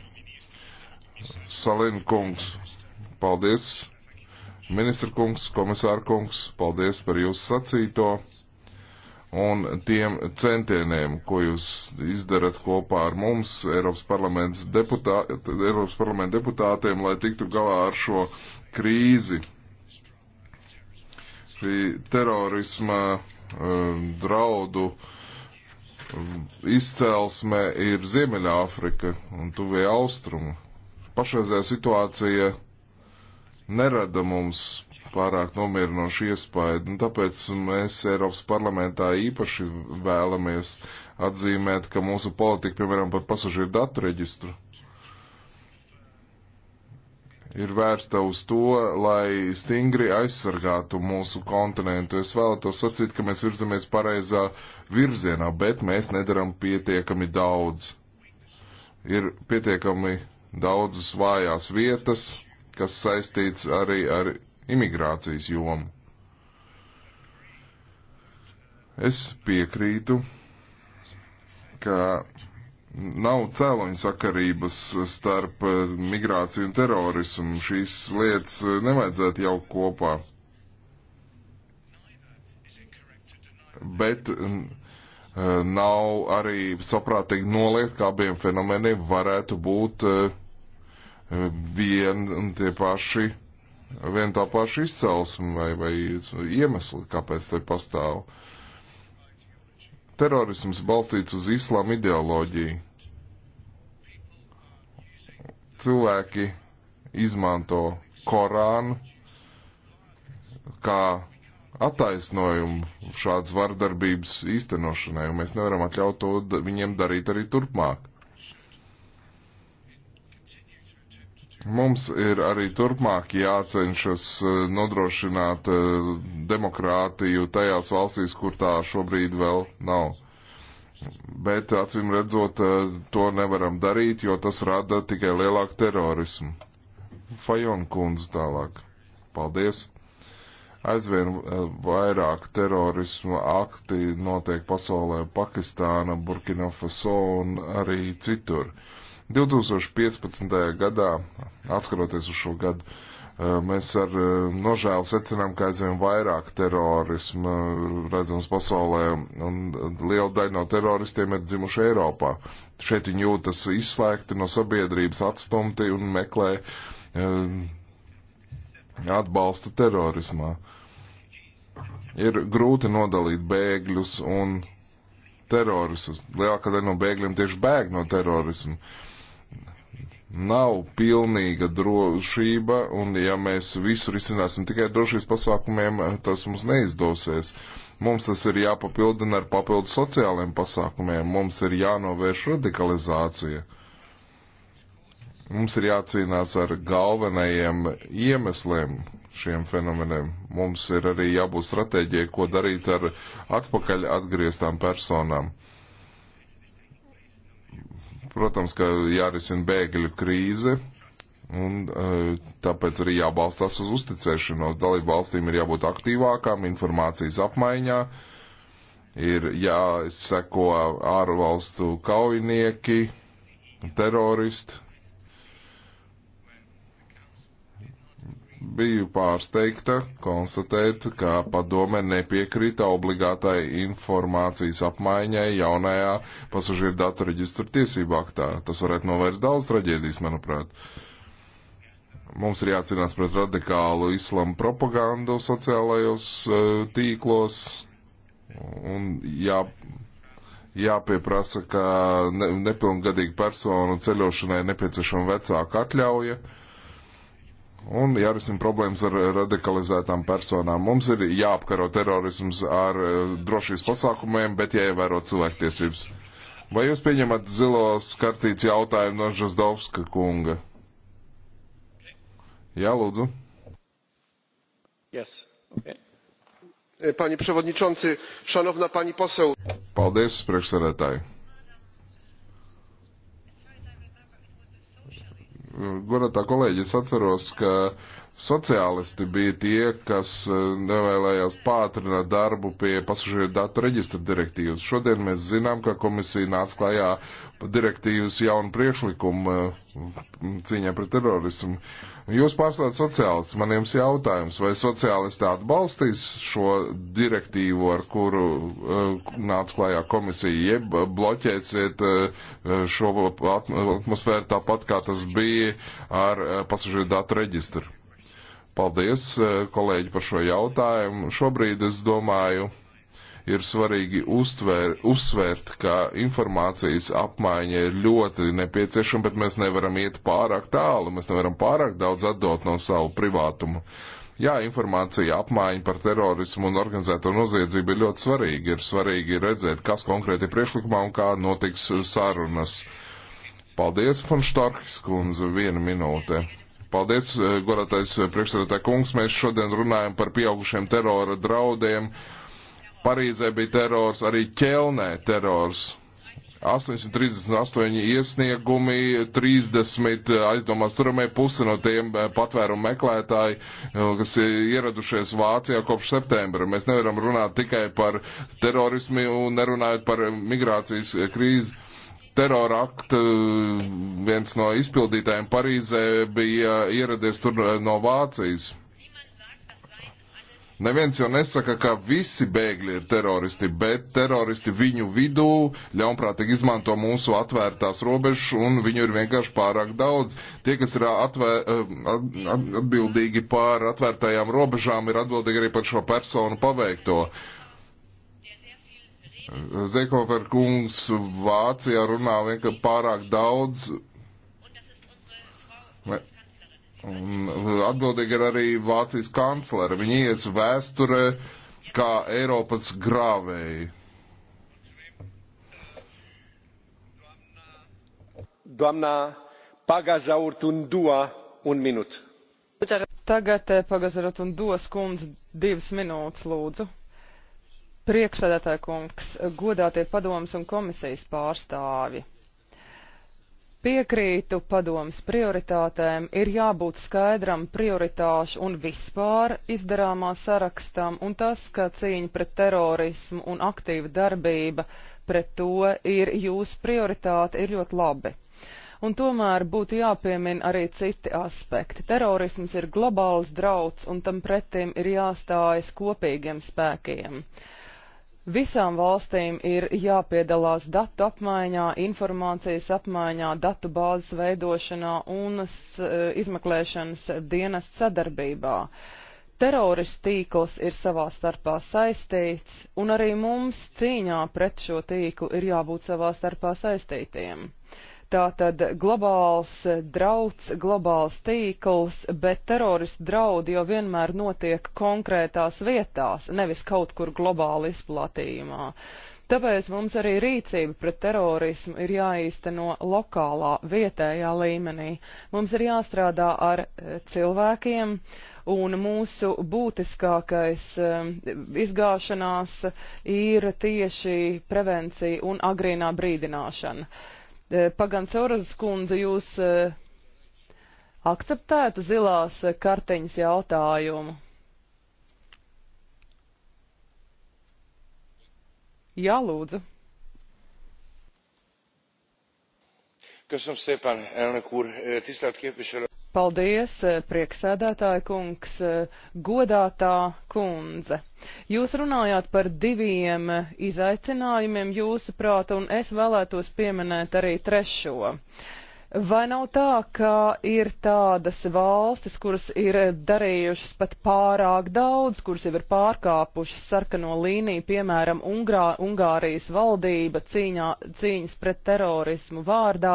Salina kungs, paldies. Ministra kungs, komisāra kungs, paldies par jūsu sacīto un tiem centieniem, ko jūs izdarat kopā ar mums, Eiropas, deputā, Eiropas parlamenta deputātiem, lai tiktu galā ar šo krīzi. Šī terorisma um, draudu um, izcelsme ir Ziemeļāfrika un tuvie austrumi. Pašreizējā situācija nerada mums pārāk nomierinošu iespaidu. Un tāpēc mēs Eiropas parlamentā īpaši vēlamies atzīmēt, ka mūsu politika, piemēram, par pasažieru datu reģistru, ir vērsta uz to, lai stingri aizsargātu mūsu kontinentu. Es vēlētos sacīt, ka mēs virzamies pareizā virzienā, bet mēs nedaram pietiekami daudz. Ir pietiekami daudzas vājās vietas, kas saistīts arī ar imigrācijas jomu. Es piekrītu, ka nav cēloņa sakarības starp migrāciju un terorismu. Šīs lietas nevajadzētu jau kopā. Bet e, nav arī saprātīgi noliegt, ka abiem fenomeniem varētu būt e, e, vien un tie paši vien tā paša izcelsme vai, vai iemesli, kāpēc tai pastāv. Terorisms balstīts uz islāma ideoloģiju. Cilvēki izmanto Korānu kā attaisnojumu šādas vardarbības īstenošanai, un mēs nevaram atļaut to viņiem darīt arī turpmāk. Mums ir arī turpmāk jācenšas eh, nodrošināt eh, demokrātiju tajās valstīs, kur tā šobrīd vēl nav. Bet, acīm redzot, eh, to nevaram darīt, jo tas rada tikai lielāku terorismu. Fajon kundze tālāk. Paldies! Aizvien vairāk terorisma akti notiek pasaulē Pakistāna, Burkina Faso un arī citur. Uh, 2015. gadā, atskaroties uz šo gadu, eh, mēs ar eh, nožēlu secinām, ka aizvien vairāk terorisma eh, redzams pasaulē, un liela daļa no teroristiem ir dzimuši Eiropā. Šeit viņi jūtas izslēgti no sabiedrības, atstumti un meklē atbalstu terorismā. Ir grūti nodalīt bēgļus un teroristus. Lielākā daļa no bēgļiem tieši bēg no terorismu. Uh, nav pilnīga drošība, un ja mēs visu risināsim tikai ar drošības pasākumiem, tas mums neizdosies. Mums tas ir jāpapildina ar papildu sociāliem pasākumiem, mums ir jānovērš radikalizācija. Mums ir jācīnās ar galvenajiem iemesliem šiem fenomeniem. Mums ir arī jābūt stratēģijai, ko darīt ar atpakaļ atgrieztām personām. Protams, ka jārisina bēgļu krīze, un eh, tāpēc arī jābalstās uz uzticēšanos. Dalību valstīm ir jābūt aktīvākām informācijas apmaiņā, ir jāseko ārvalstu kaujinieki, teroristi, biju pārsteigta konstatēt, ka padome nepiekrita obligātai informācijas apmaiņai jaunajā pasažieru datu reģistru tiesību aktā. Tas varētu novērst daudz traģēdijas, manuprāt. Mums ir jācīnās pret radikālu islamu propagandu sociālajos uh, tīklos un jā, jāpieprasa, ka ne, nepilngadīgu personu ceļošanai nepieciešama vecāka atļauja. Uh, un jārisina problēmas ar radikalizētām personām. Mums ir jāapkaro terorisms ar eh, drošības pasākumiem, bet jāievēro cilvēktiesības. Vai jūs pieņemat zilos kartīts jautājumu no Žazdovska kunga? Jā, lūdzu. Yes. Okay. Panie przewodniczący, szanowna pani poseł. Paldies, priekšsēdētāji. Godatā kolēģi, es atceros, ka Sociālisti bija tie, kas eh, nevēlējās pātrināt darbu pie pasažieru datu reģistra direktīvas. Šodien mēs zinām, ka komisija nāca klajā direktīvas jaunu priekšlikumu eh, cīņā pret terorismu. Jūs pārstāvat sociālistus, man jums jautājums, vai sociālisti atbalstīs šo direktīvu, ar kuru uh, eh, nāca klajā komisija, jeb bloķēsiet uh, šo atmosfēru tāpat, kā tas bija ar uh, pasažieru datu reģistru? Paldies, eh, kolēģi, par šo jautājumu. Šobrīd, es domāju, ir svarīgi uztvēr, uzsvērt, ka informācijas apmaiņa ir ļoti nepieciešama, bet mēs nevaram iet pārāk tālu, mēs nevaram pārāk daudz atdot no savu privātumu. Jā, informācija apmaiņa par terorismu un organizēto noziedzību ir ļoti svarīga. Ir svarīgi redzēt, kas konkrēti ir priekšlikumā un kā notiks sarunas. Paldies, Fonštārkis kundze, viena minūte. Paldies, eh, godātais eh, priekšsēdētāj kungs. Mēs šodien runājam par pieaugušiem terora draudiem. Parīzē bija terors, arī ķelnē terors. 838 iesniegumi, 30 eh, aizdomās turamie pusi no tiem patvērumu meklētāji, kas ieradušies Vācijā kopš septembra. Mēs nevaram runāt tikai par terorismu un nerunājot par migrācijas krīzi terora akta viens no izpildītājiem Parīzē bija ieradies tur no Vācijas. Neviens jau nesaka, ka visi bēgļi ir teroristi, bet teroristi viņu vidū ļaunprātīgi izmanto mūsu atvērtās robežas, un viņu ir vienkārši pārāk daudz. Tie, kas ir atvēr, eh, atbildīgi pār atvērtajām robežām, ir atbildīgi arī par šo personu paveikto. Uh, Zekofer kungs Vācijā runā vienkārši pārāk daudz. Atbildīgi ir arī Vācijas kanclere. Viņi ies vēsturē kā Eiropas grāvēji. Doamna Pagazaurtundua, un minūte. Tagad eh, Pagazaurtunduas kundze divas minūtes lūdzu. Priekšsēdētāja kungs, godātie padomas un komisijas pārstāvi. Piekrītu padomas prioritātēm, ir jābūt skaidram prioritāšu un vispār izdarāmā sarakstam, un tas, ka cīņa pret terorismu un aktīva darbība pret to ir jūsu prioritāte, ir ļoti labi. Un tomēr būtu jāpiemina arī citi aspekti. Terorisms ir globāls drauds, un tam pretim ir jāstājas kopīgiem spēkiem. Visām valstīm ir jāpiedalās datu apmaiņā, informācijas apmaiņā, datu bāzes veidošanā un e, izmeklēšanas dienas sadarbībā. Terorists tīkls ir savā starpā saistīts, un arī mums cīņā pret šo tīklu ir jābūt savā starpā saistītiem. Tātad globāls drauds, globāls tīkls, bet teroristu draudi jau vienmēr notiek konkrētās vietās, nevis kaut kur globāli izplatījumā. Tāpēc mums arī rīcība pret terorismu ir jāīsteno lokālā, vietējā līmenī. Mums ir jāstrādā ar eh, cilvēkiem, un mūsu būtiskākais eh, izgāšanās ir tieši prevencija un agrīnā brīdināšana. Eh, Pagansauras kundze, jūs eh, akceptētu zilās eh, karteņas jautājumu? Jā, lūdzu. Köszönöm szépen, elnök úr, tisztelt képviselő! Paldies, eh, prieksēdētāja kungs, eh, godātā kundze. Jūs runājāt par diviem eh, izaicinājumiem jūsu prāta, un es vēlētos pieminēt arī trešo. Uh, Vai nav tā, ka ir tādas valstis, kuras ir darījušas pat pārāk daudz, kuras jau ir pārkāpušas sarkano līniju, piemēram, Ungrā, Ungārijas valdība cīņā, cīņas pret terorismu vārdā,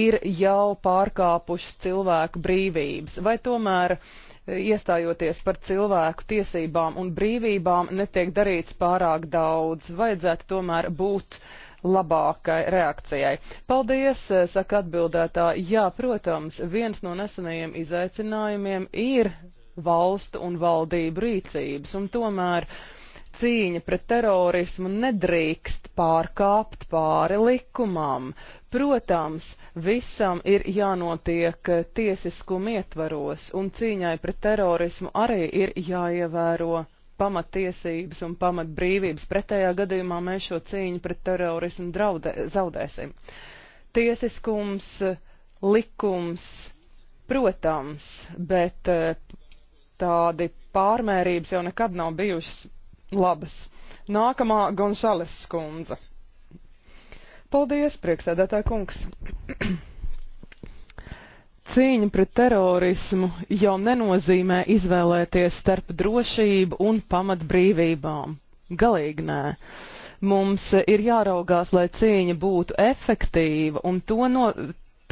ir jau pārkāpušas cilvēku brīvības? Vai tomēr eh, iestājoties par cilvēku tiesībām un brīvībām netiek darīts pārāk daudz? Vajadzētu tomēr būt uh, labākai reakcijai. Paldies, eh, saka atbildētā. Jā, protams, viens no nesenajiem izaicinājumiem ir valstu un valdību rīcības, un tomēr cīņa pret terorismu nedrīkst pārkāpt pāri likumam. Protams, visam ir jānotiek eh, tiesiskuma ietvaros, un cīņai pret terorismu arī ir jāievēro pamatiesības un pamatbrīvības. Pretējā gadījumā mēs šo cīņu pret terorismu draudē, zaudēsim. Tiesiskums, likums, protams, bet eh, tādi pārmērības jau nekad nav bijušas labas. Nākamā Gonšales skundze. Paldies, prieksēdētāja kungs. Cīņa pret terorismu jau nenozīmē izvēlēties starp drošību un pamatbrīvībām. Galīgi nē. Mums ir jāraugās, lai cīņa būtu efektīva, un to, no,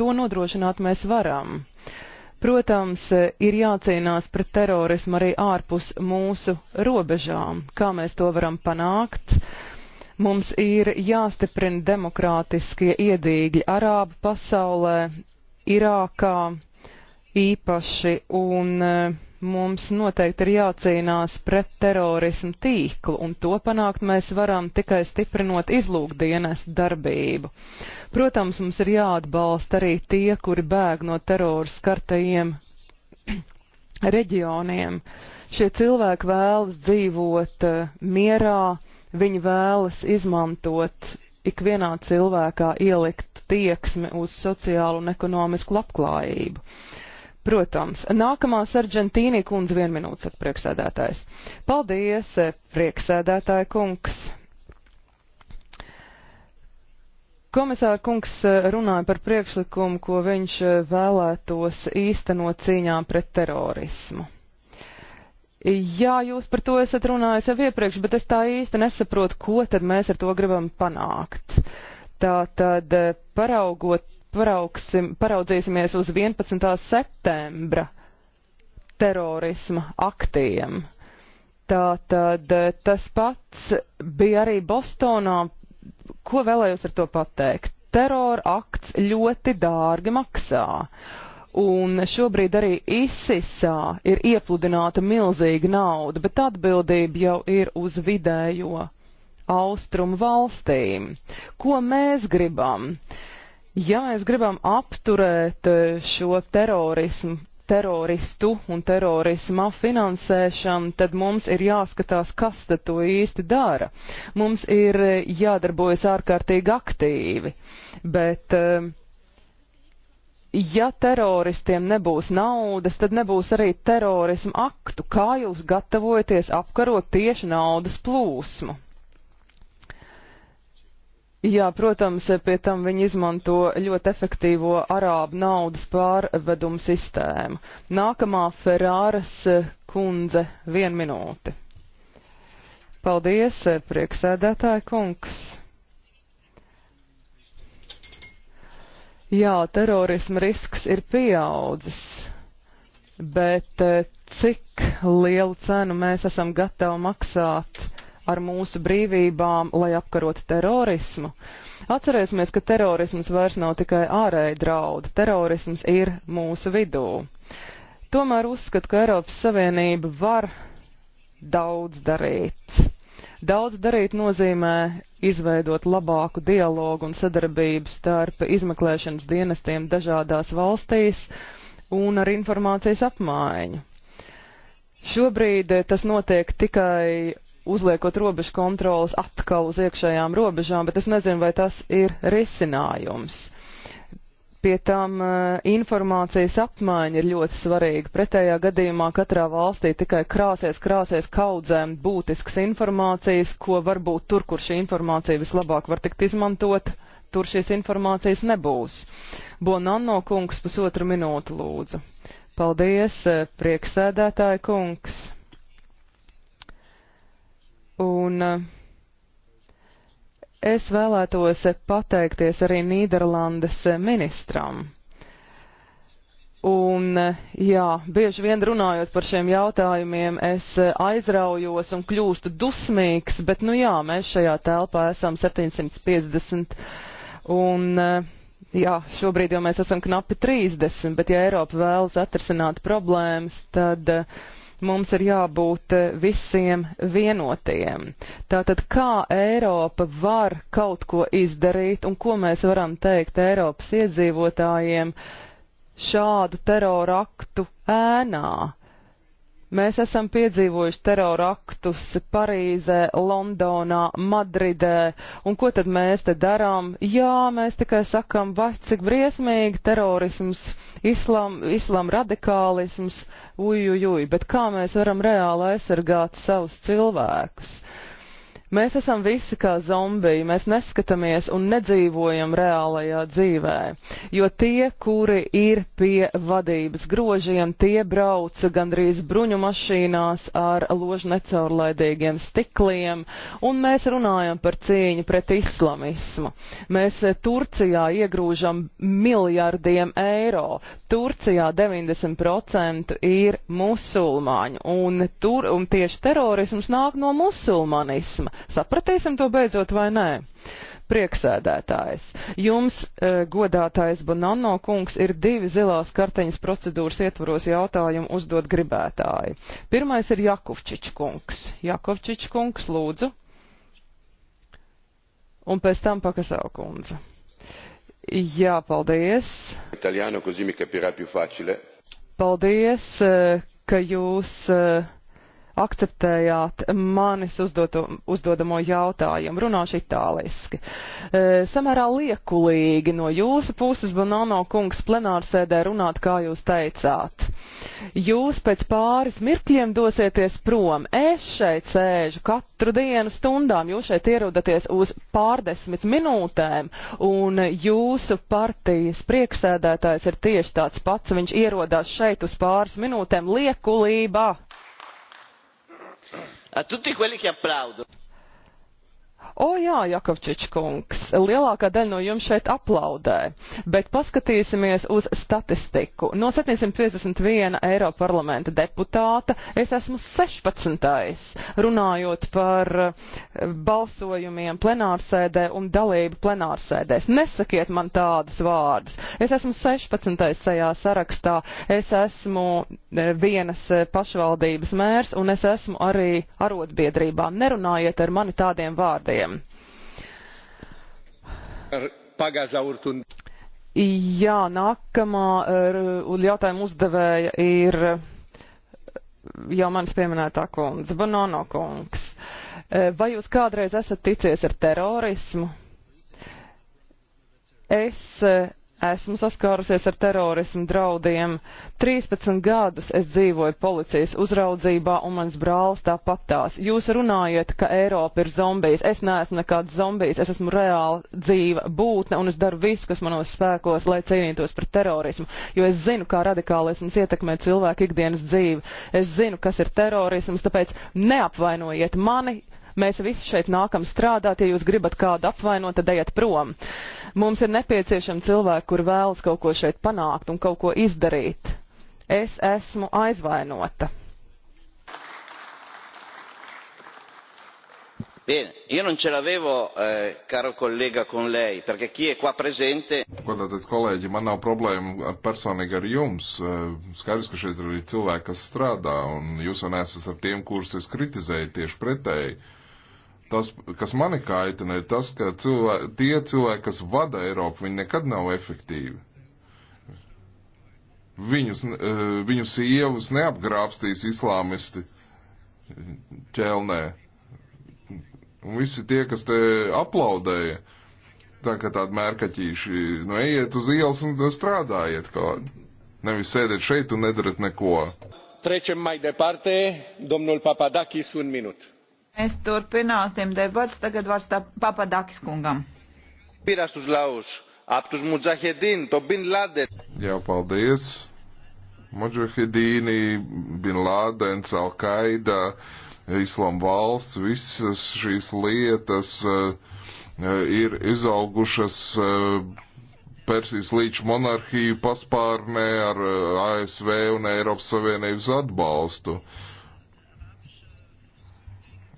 to nodrošināt mēs varam. Protams, ir jācīnās pret terorismu arī ārpus mūsu robežām. Kā mēs to varam panākt? Mums ir jāstiprina demokrātiskie iedīgļi Arābu pasaulē, Irākā īpaši, un e, mums noteikti ir jācīnās pret terorismu tīklu, un to panākt mēs varam tikai stiprinot izlūkdienas darbību. Protams, mums ir jāatbalsta arī tie, kuri bēg no teroru skartajiem reģioniem. Šie cilvēki vēlas dzīvot e, mierā, viņi vēlas izmantot ikvienā cilvēkā ielikt tieksmi uz sociālu un ekonomisku labklājību. Protams, nākamā sargentīnī kundze vien minūte, saka prieksēdētājs. Paldies, eh, prieksēdētāja kungs. Komisāra kungs eh, runāja par priekšlikumu, ko viņš eh, vēlētos īstenot cīņā pret terorismu. Jā, jūs par to esat runājis jau iepriekš, bet es tā īsti nesaprotu, ko tad mēs ar to gribam panākt. Uh, Tā tad eh, paraugot, paraugsim, paraudzīsimies uz 11. septembra terorisma aktiem. Tā tad eh, tas pats bija arī Bostonā. Ko vēlējos ar to pateikt? Terora akts ļoti dārgi maksā. Un šobrīd arī ISISā ir iepludināta milzīga nauda, bet atbildība jau ir uz vidējo austrumu valstīm. Ko mēs gribam? Ja mēs gribam apturēt e, šo terorismu, teroristu un terorisma finansēšanu, tad mums ir jāskatās, kas tad to īsti dara. Mums ir e, jādarbojas ārkārtīgi aktīvi, bet uh, ja teroristiem nebūs naudas, tad nebūs arī terorisma aktu. Kā jūs gatavojaties apkarot tieši naudas plūsmu? Jā, protams, pie tam viņi izmanto ļoti efektīvo arābu naudas pārvedumu sistēmu. Nākamā Ferāras kundze, vien minūte. Paldies, prieksēdētāja kungs. Jā, terorisma risks ir pieaudzis, bet eh, cik lielu cenu mēs esam gatavi maksāt? ar mūsu brīvībām, lai apkarotu terorismu. Atcerēsimies, ka terorisms vairs nav tikai ārēji draudi, terorisms ir mūsu vidū. Tomēr uzskatu, ka Eiropas Savienība var daudz darīt. Daudz darīt nozīmē izveidot labāku dialogu un sadarbību starp izmeklēšanas dienestiem dažādās valstīs un ar informācijas apmaiņu. Šobrīd tas notiek tikai uzliekot robežu kontrolas atkal uz iekšējām robežām, bet es nezinu, vai tas ir risinājums. Pie tam eh, informācijas apmaiņa ir ļoti svarīga. Pretējā gadījumā katrā valstī tikai krāsies, krāsies kaudzēm būtisks informācijas, ko varbūt tur, kur šī informācija vislabāk var tikt izmantot, tur šīs informācijas nebūs. Bonanno kungs pusotru minūtu lūdzu. Paldies, eh, prieksēdētāja kungs. Un eh, es vēlētos pateikties arī Nīderlandes ministram. Un, eh, jā, bieži vien runājot par šiem jautājumiem, es eh, aizraujos un kļūstu dusmīgs, bet, nu jā, mēs šajā telpā esam 750 un uh, Jā, šobrīd jau mēs esam knapi 30, bet ja Eiropa vēlas atrisināt problēmas, tad uh, mums ir jābūt eh, visiem vienotiem. Tātad, kā Eiropa var kaut ko izdarīt un ko mēs varam teikt Eiropas iedzīvotājiem šādu teroraktu ēnā? Mēs esam piedzīvojuši teroraktus Parīzē, Londonā, Madridē, un ko tad mēs te darām? Jā, mēs tikai sakam, vai cik briesmīgi terorisms, islam, islam radikālisms, ujujuj, bet kā mēs varam reāli aizsargāt savus cilvēkus? Uh, Mēs esam visi kā zombiji, mēs neskatāmies un nedzīvojam reālajā dzīvē, jo tie, kuri ir pie vadības grožiem, tie brauca gandrīz bruņu mašīnās ar ložu necaurlaidīgiem stikliem, un mēs runājam par cīņu pret islamismu. Mēs eh, Turcijā iegrūžam miljardiem eiro. Turcijā 90% ir musulmaņu, un, tur, un tieši terorisms nāk no musulmanisma. Sapratīsim to beidzot vai nē? Prieksēdētājs, jums, e, godātais Bonanno kungs, ir divi zilās karteņas procedūras ietvaros jautājumu uzdot gribētāji. Pirmais ir Jakovčič kungs. Jakovčič kungs, lūdzu. Un pēc tam Pakasau kundze. Jā, paldies. Italiano, così mi capirà più facile. Paldies, e, ka jūs uh, akceptējāt manis uzdoto, uzdodamo jautājumu. Runāšu itāliski. E, samērā liekulīgi no jūsu puses, Banano kungs, plenārsēdē runāt, kā jūs teicāt. Jūs pēc pāris mirkļiem dosieties prom. Es šeit sēžu katru dienu stundām, jūs šeit ierodaties uz pārdesmit minūtēm, un jūsu partijas priekšsēdētājs ir tieši tāds pats, viņš ierodās šeit uz pāris minūtēm liekulība a tutti quelli che applaudono. O jā, Jakovčič kungs, lielākā daļa no jums šeit aplaudē, bet paskatīsimies uz statistiku. No 751 Eiro parlamenta deputāta es esmu 16. runājot par eh, balsojumiem plenārsēdē un dalību plenārsēdēs. Nesakiet man tādus vārdus. Es esmu 16. šajā sarakstā, es esmu eh, vienas eh, pašvaldības mērs un es esmu arī arotbiedrībā. Nerunājiet ar mani tādiem vārdiem apstākļiem. Jā, nākamā er, jautājuma uzdevēja ir e, jau manis pieminētā kundze, Banano kungs. E, vai jūs kādreiz esat ticies ar terorismu? Es e, esmu saskārusies ar terorismu draudiem. 13 gadus es dzīvoju policijas uzraudzībā un mans brālis tāpatās. Jūs runājat, ka Eiropa ir zombijas. Es neesmu nekāds zombijs, es esmu reāli dzīva būtne un es daru visu, kas manos spēkos, lai cīnītos pret terorismu, jo es zinu, kā radikālisms ietekmē cilvēku ikdienas dzīvi. Es zinu, kas ir terorisms, tāpēc neapvainojiet mani. Mēs visi šeit nākam strādāt, ja jūs gribat kādu apvainot, tad ejiet prom. Mums ir nepieciešami cilvēki, kur vēlas kaut ko šeit panākt un kaut ko izdarīt. Es esmu aizvainota. Bene, io non ce l'avevo, eh, caro collega, con lei, perché chi è qua presente... Godātais kolēģi, man nav problēma personīgi ar jums. Eh, skaidrs, ka šeit ir arī cilvēki, kas strādā, un jūs jau nesat ar tiem, kurus es kritizēju tieši pretēji. Uh, Tas, kas mani kaitina, ir tas, ka cilvē, tie cilvēki, kas vada Eiropu, viņi nekad nav efektīvi. Viņus, eh, viņu sievas neapgrābstīs islāmisti ķelnē. Un visi tie, kas te aplaudēja, tā kā tādi mērkaķīši, nu ejiet uz ielas un strādājiet kaut kā. Nevis sēdiet šeit un nedarat neko. Trecem mai departe, domnul Papadakis, un minūte Mēs turpināsim debats. Tagad vārds Papadakis kungam. Jā, paldies. Mudžahedīni, Bin Lādens, Al-Qaida, Islam valsts, visas šīs lietas uh, ir izaugušas uh, Persijas līča monarhiju paspārnē ar ASV un Eiropas Savienības atbalstu. Uh,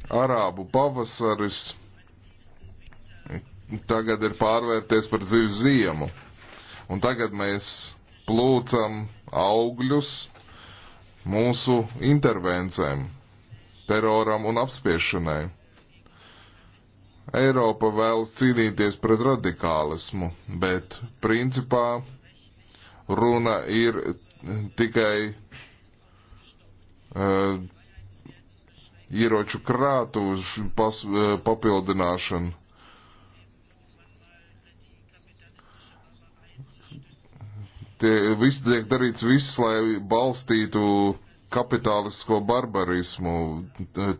Arābu pavasaris tagad ir pārvērties par dzīves ziemu. Un tagad mēs plūcam augļus mūsu intervencēm, teroram un apspiešanai. Eiropa vēlas cīnīties pret radikālismu, bet principā runa ir tikai uh, ieroču krātuves e, papildināšanu. Tie viss tiek darīts viss, lai balstītu kapitālisko barbarismu.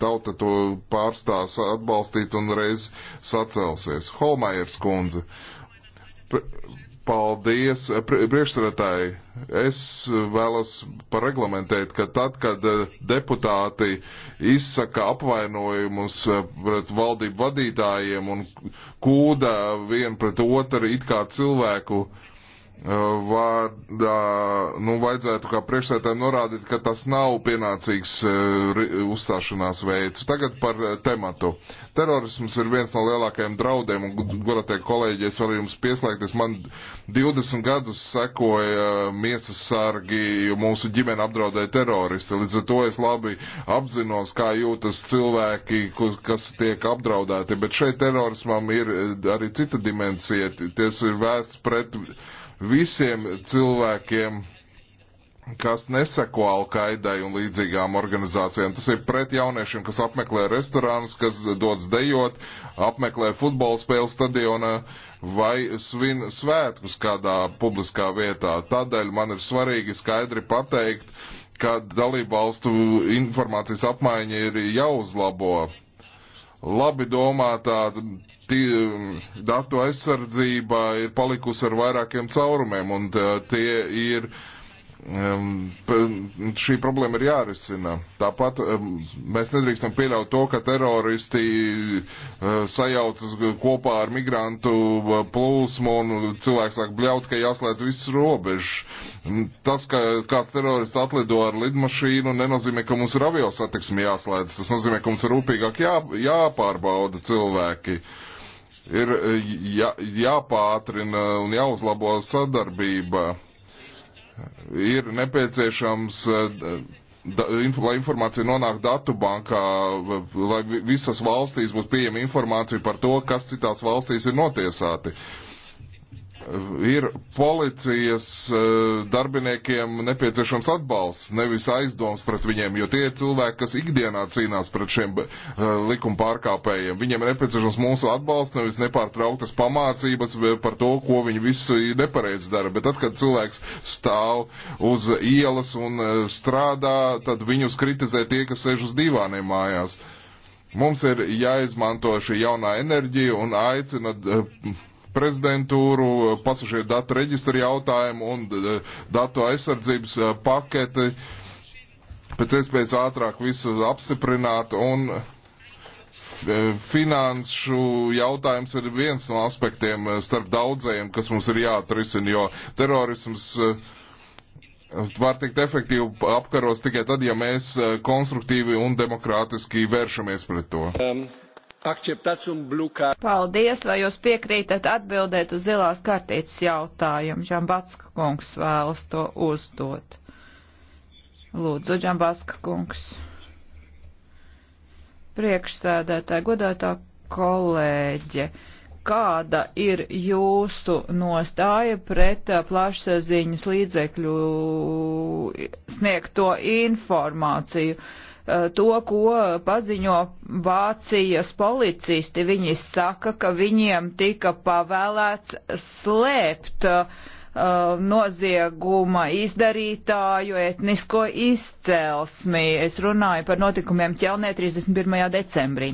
Tauta to pārstās atbalstīt un reiz sacelsies. Holmajers kundze. Pre Paldies, eh, priekšsarētāji. Es vēlos pareglamentēt, ka tad, kad eh, deputāti izsaka apvainojumus eh, pret valdību vadītājiem un kūda vien pret otru it kā cilvēku, uh, vārdā, nu, vajadzētu kā priekšsētājiem norādīt, ka tas nav pienācīgs uzstāšanās veids. Tagad par tematu. Terorisms ir viens no lielākajiem draudiem, un, godātie kolēģi, es varu jums pieslēgties. Man 20 gadus sekoja miesas sargi, jo mūsu ģimene apdraudēja teroristi. Līdz ar to es labi apzinos, kā jūtas cilvēki, kas tiek apdraudēti. Bet šeit terorismam ir arī cita dimensija. Ties ir vēsts pret visiem cilvēkiem, kas neseko Alkaidai un līdzīgām organizācijām. Tas ir pret jauniešiem, kas apmeklē restorānus, kas dodas dejot, apmeklē futbola spēles stadionā vai svin svētkus kādā publiskā vietā. Tādēļ man ir svarīgi skaidri pateikt, ka dalībvalstu informācijas apmaiņa ir jāuzlabo. Labi domātā Um, datu aizsardzība ir palikusi ar vairākiem caurumiem, un uh, tie ir, um, šī problēma ir jārisina. Tāpat um, mēs nedrīkstam pieļaut to, ka teroristi uh, sajaucas kopā ar migrantu uh, plūsmu un cilvēks sāk bļaut, ka jāslēdz visas robežas. Tas, ka kāds terorists atlido ar lidmašīnu, nenozīmē, ka mums ir avio satiksmi jāslēdz. Tas nozīmē, ka mums ir rūpīgāk jā, jāpārbauda cilvēki. Uh, ir e, jā, jāpātrina un jāuzlabo sadarbība. Ir nepieciešams, e, da, inf, lai informācija nonāk datu bankā, lai visas valstīs būtu pieejama informācija par to, kas citās valstīs ir notiesāti. Uh, ir policijas eh, darbiniekiem nepieciešams atbalsts, nevis aizdoms pret viņiem, jo tie ir cilvēki, kas ikdienā cīnās pret šiem eh, likuma pārkāpējiem. Viņiem ir nepieciešams mūsu atbalsts, nevis nepārtrauktas pamācības eh, par to, ko viņi visi nepareizi dara. Bet tad, kad cilvēks stāv uz ielas un strādā, tad viņus kritizē tie, kas sēž uz divāniem mājās. Mums ir jāizmanto šī jaunā enerģija un aicina prezidentūru, pasažieru datu reģistru jautājumu un datu aizsardzības e, paketi pēc iespējas ātrāk visu apstiprināt un e, finanšu jautājums ir viens no aspektiem e, starp daudzajiem, kas mums ir jāatrisina, jo terorisms var tikt efektīvi apkaros tikai tad, ja mēs konstruktīvi un demokrātiski vēršamies pret to. Um. Paldies, vai jūs piekrītat atbildēt uz zilās kartītes jautājumu? Žambatska kungs vēlas to uzdot. Lūdzu, Žambatska kungs. Priekšsēdētāji, godātā kolēģe, kāda ir jūsu nostāja pret plašsaziņas līdzekļu sniegto informāciju? Uh, Eh, to, ko paziņo Vācijas policisti. Viņi saka, ka viņiem tika pavēlēts slēpt eh, nozieguma izdarītāju etnisko izcelsmi. Es runāju par notikumiem ķelnē 31. decembrī.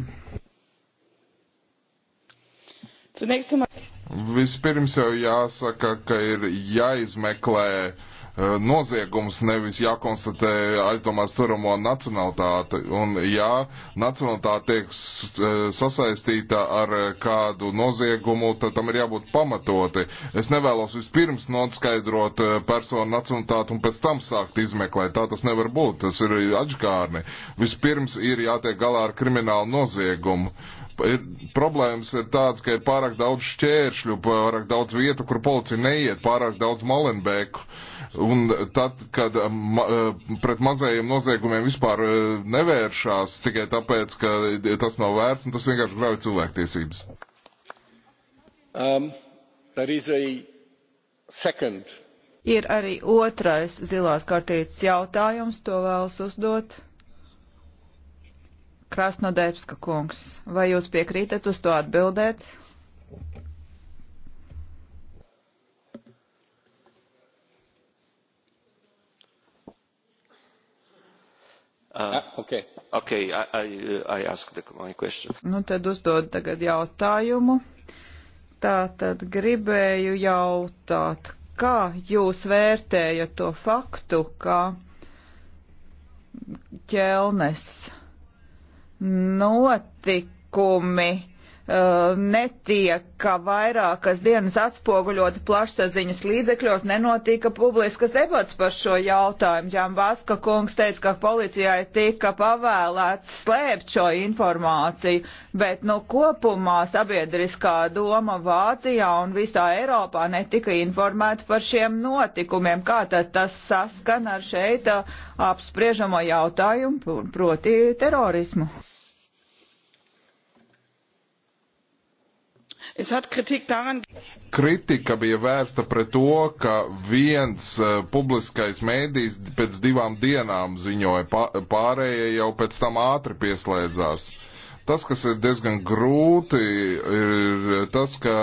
Vispirms jau jāsaka, ka ir jāizmeklē uh, Eh, noziegums, nevis jākonstatē aizdomās turamo nacionalitāti. Un ja nacionalitāte tiek eh, sasaistīta ar eh, kādu noziegumu, tad tam ir jābūt pamatoti. Es nevēlos vispirms noskaidrot personu nacionalitāti un pēc tam sākt izmeklēt. Tā tas nevar būt. Tas ir atžkārni. Vispirms ir jātiek galā ar kriminālu noziegumu. Ir, problēmas ir tādas, ka ir pārāk daudz šķēršļu, pārāk daudz vietu, kur policija neiet, pārāk daudz malenbēku. Un tad, kad eh, ma, eh, pret mazajiem noziegumiem vispār eh, nevēršās tikai tāpēc, ka tas nav vērts, un tas vienkārši grauj cilvēktiesības. Um, second. ir arī otrais zilās kartītes jautājums, to vēlas uzdot. Krasnodēpska kungs, vai jūs piekrītat uz to atbildēt? Uh, ah, okay. Okay, I, I, uh, I ask the, my question. Nu, tad uzdod tagad jautājumu. Tā tad gribēju jautāt, kā jūs vērtējat to faktu, ka ķelnes notikumi Uh, netieka vairākas dienas atspoguļot plašsaziņas līdzekļos, nenotika publiskas debats par šo jautājumu. Džambaska kungs teica, ka policijai tika pavēlēts slēpt šo informāciju, bet nu kopumā sabiedriskā doma Vācijā un visā Eiropā netika informēta par šiem notikumiem. Kā tad tas saskan ar šeit uh, apspriežamo jautājumu, proti terorismu? Es hat kritik daran. Kritika bija vērsta pret to, ka viens uh, publiskais mēdījis pēc divām dienām ziņoja, pārējie jau pēc tam ātri pieslēdzās. Tas, kas ir diezgan grūti, ir tas, ka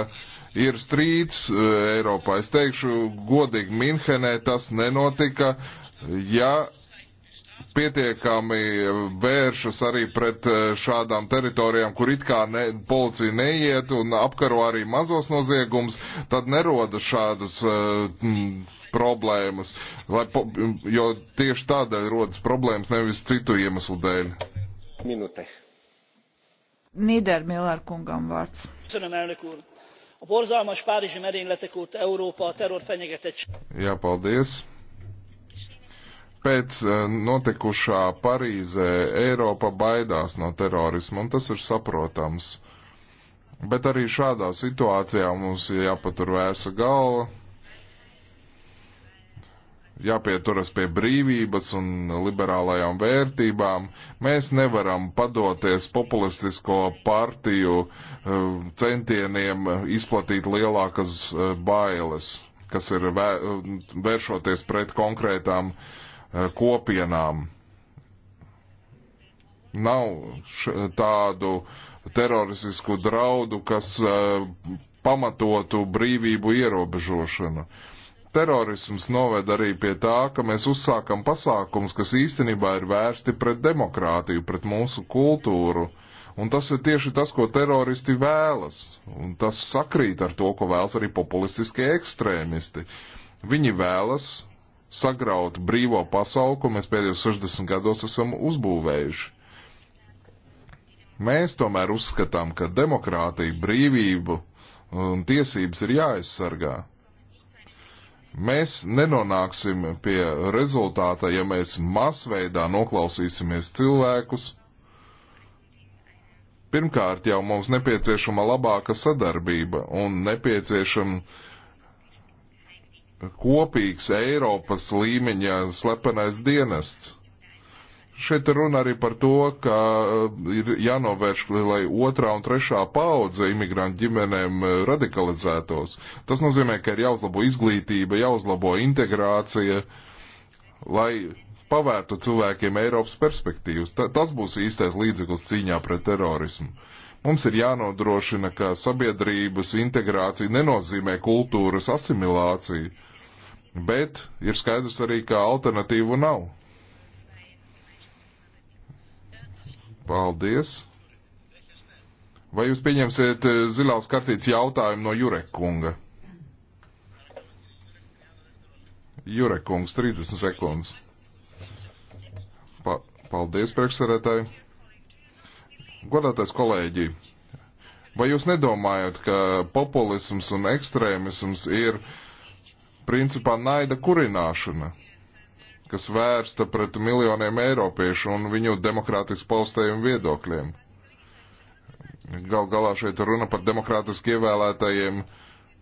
ir strīds uh, Eiropā. Es teikšu godīgi, Minhenē tas nenotika. Ja pietiekami vēršas arī pret eh, šādām teritorijām, kur it kā ne, policija neiet un apkaro arī mazos noziegums, tad neroda šādas mm, problēmas, lai, jo tieši tādēļ rodas problēmas, nevis citu iemeslu dēļ. Minūte. Niedermiller kungam vārds. Köszönöm, elnök úr! A borzalmas párizsi merényletek óta Európa a terror fenyegetettség. Ja, paldies! pēc eh, notikušā Parīzē Eiropa baidās no terorismu, un tas ir saprotams. Bet arī šādā situācijā mums ir jāpatur vēsa galva, jāpieturas pie brīvības un liberālajām vērtībām. Mēs nevaram padoties populistisko partiju eh, centieniem izplatīt lielākas eh, bailes, kas ir vēršoties pret konkrētām uh, Eh, kopienām. Nav tādu teroristisku draudu, kas eh, pamatotu brīvību ierobežošanu. Terorisms noved arī pie tā, ka mēs uzsākam pasākums, kas īstenībā ir vērsti pret demokrātiju, pret mūsu kultūru. Un tas ir tieši tas, ko teroristi vēlas. Un tas sakrīt ar to, ko vēlas arī populistiskie ekstrēmisti. Viņi vēlas sagraut brīvo pasauli, ko mēs pēdējos 60 gados esam uzbūvējuši. Mēs tomēr uzskatām, ka demokrātija, brīvību un tiesības ir jāaizsargā. Mēs nenonāksim pie rezultāta, ja mēs masveidā noklausīsimies cilvēkus. Pirmkārt, jau mums nepieciešama labāka sadarbība un nepieciešama kopīgs Eiropas līmeņa slepenais dienests. Šeit runa arī par to, ka eh, ir jānovērš, lai otrā un trešā paudze imigrantu ģimenēm eh, radikalizētos. Tas nozīmē, ka ir jāuzlabo izglītība, jāuzlabo integrācija, lai pavērtu cilvēkiem Eiropas perspektīvas. Ta, tas būs īstais līdzeklis cīņā pret terorismu. Mums ir jānodrošina, ka sabiedrības integrācija nenozīmē kultūras asimilāciju. Bet ir skaidrs arī, ka alternatīvu nav. Paldies. Vai jūs pieņemsiet eh, zilās kartītes jautājumu no Jurekunga? Jurekungs, 30 sekundes. Pa paldies, priekšsarētāji. Godātais kolēģi, vai jūs nedomājat, ka populisms un ekstrēmisms ir uh, principā naida kurināšana, kas vērsta pret miljoniem eiropiešu un viņu demokrātisku paustējumu viedokļiem. Gal galā šeit runa par demokrātiski ievēlētajiem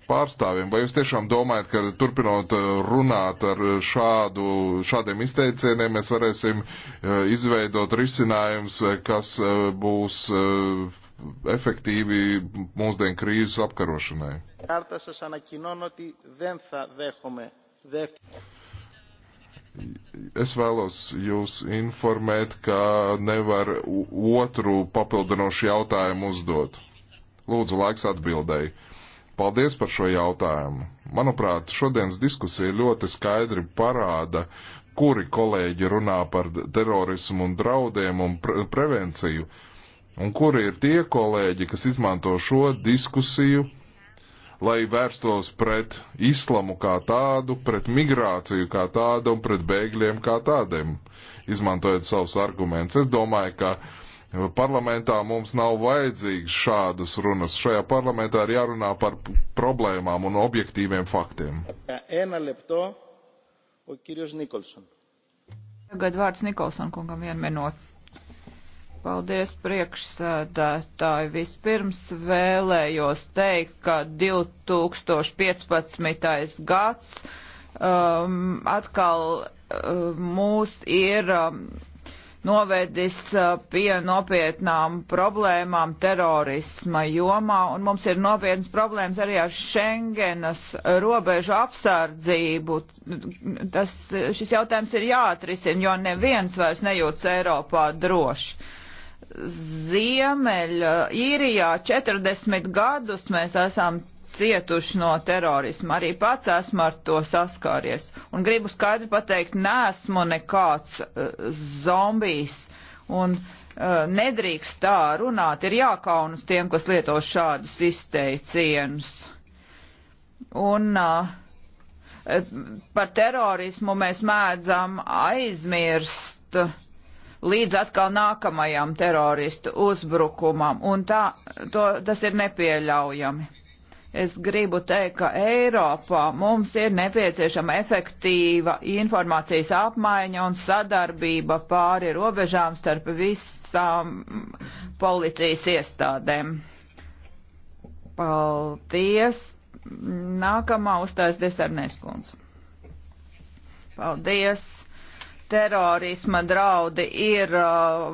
pārstāvjiem. Vai jūs tiešām domājat, ka turpinot uh, runāt ar šādu, šādiem izteicieniem, mēs varēsim uh, izveidot risinājums, uh, kas būs efektīvi mūsdienu krīzes apkarošanai. Es vēlos jūs informēt, ka nevar otru papildinošu jautājumu uzdot. Lūdzu, laiks atbildēji. Paldies par šo jautājumu. Manuprāt, šodienas diskusija ļoti skaidri parāda, kuri kolēģi runā par terorismu un draudiem un pre prevenciju. Uh, Un kuri ir tie kolēģi, kas izmanto šo diskusiju, lai vērstos pret islamu kā tādu, pret migrāciju kā tādu un pret bēgļiem kā tādiem, izmantojot savus argumentus? Es domāju, ka parlamentā mums nav vajadzīgs šādas runas. Šajā parlamentā ir jārunā par problēmām un objektīviem faktiem. Tagad vārds Nikolson kungam vienu minūti. Paldies priekšsēdētāji. Vispirms vēlējos teikt, ka 2015. gads um, atkal um, mūs ir um, novedis uh, pie nopietnām problēmām terorisma jomā, un mums ir nopietnas problēmas arī ar Schengenas robežu apsardzību. Tas, šis jautājums ir jāatrisina, jo neviens vairs nejūtas Eiropā droši. Ziemeļa īrijā 40 gadus mēs esam cietuši no terorisma. Arī pats esmu ar to saskāries. Un gribu skaidri pateikt, nesmu nekāds uh, zombijs. Un uh, nedrīkst tā runāt. Ir jākaunas tiem, kas lieto šādus izteicienus. Un uh, par terorismu mēs mēdzam aizmirst. Uh, līdz atkal nākamajam teroristu uzbrukumam, un tā, to, tas ir nepieļaujami. Es gribu teikt, ka Eiropā mums ir nepieciešama efektīva informācijas apmaiņa un sadarbība pāri robežām starp visām policijas iestādēm. Paldies! Nākamā uzstājas Desarnēs kundze. Paldies! terorisma draudi ir uh,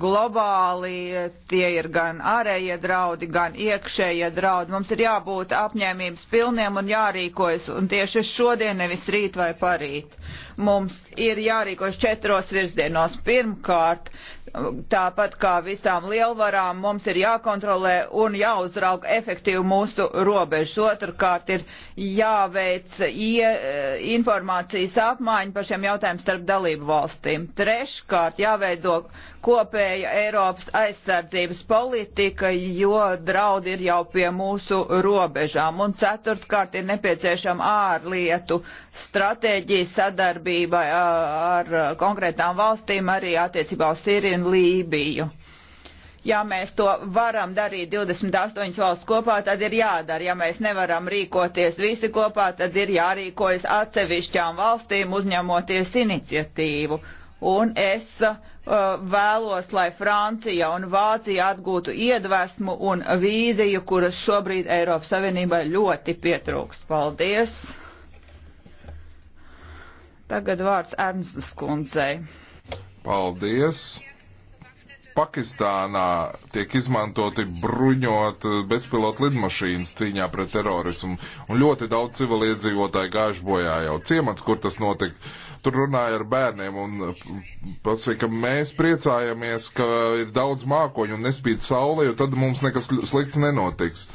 globāli, tie ir gan ārējie draudi, gan iekšējie draudi. Mums ir jābūt apņēmības pilniem un jārīkojas, un tieši šodien, nevis rīt vai parīt. Mums ir jārīkojas četros virzienos. Pirmkārt, Tāpat kā visām lielvarām mums ir jākontrolē un jāuzrauga efektīvi mūsu robežas. Otrkārt ir jāveic ie, informācijas apmaiņa par šiem jautājumiem starp dalību valstīm. Treškārt jāveido kopēja Eiropas aizsardzības politika, jo draudi ir jau pie mūsu robežām. Un ceturtkārt ir nepieciešama ārlietu stratēģija sadarbība ar konkrētām valstīm arī attiecībā uz Siriju un Lībiju ja mēs to varam darīt 28 valsts kopā, tad ir jādara. Ja mēs nevaram rīkoties visi kopā, tad ir jārīkojas atsevišķām valstīm uzņemoties iniciatīvu. Un es uh, Uh, vēlos, lai Francija un Vācija atgūtu iedvesmu un vīziju, kuras šobrīd Eiropas Savienībai ļoti pietrūkst. Paldies! Tagad vārds Ernstas kundzei. Paldies! Pakistānā tiek izmantoti bruņot eh, bezpilotu lidmašīnas cīņā pret terorismu, un ļoti daudz civiliedzīvotāju gājuši bojā jau ciemats, kur tas notika. Tur runāja ar bērniem un eh, pasaka, mēs priecājamies, ka ir daudz mākoņu un nespīd saulē, jo tad mums nekas slikts nenotiks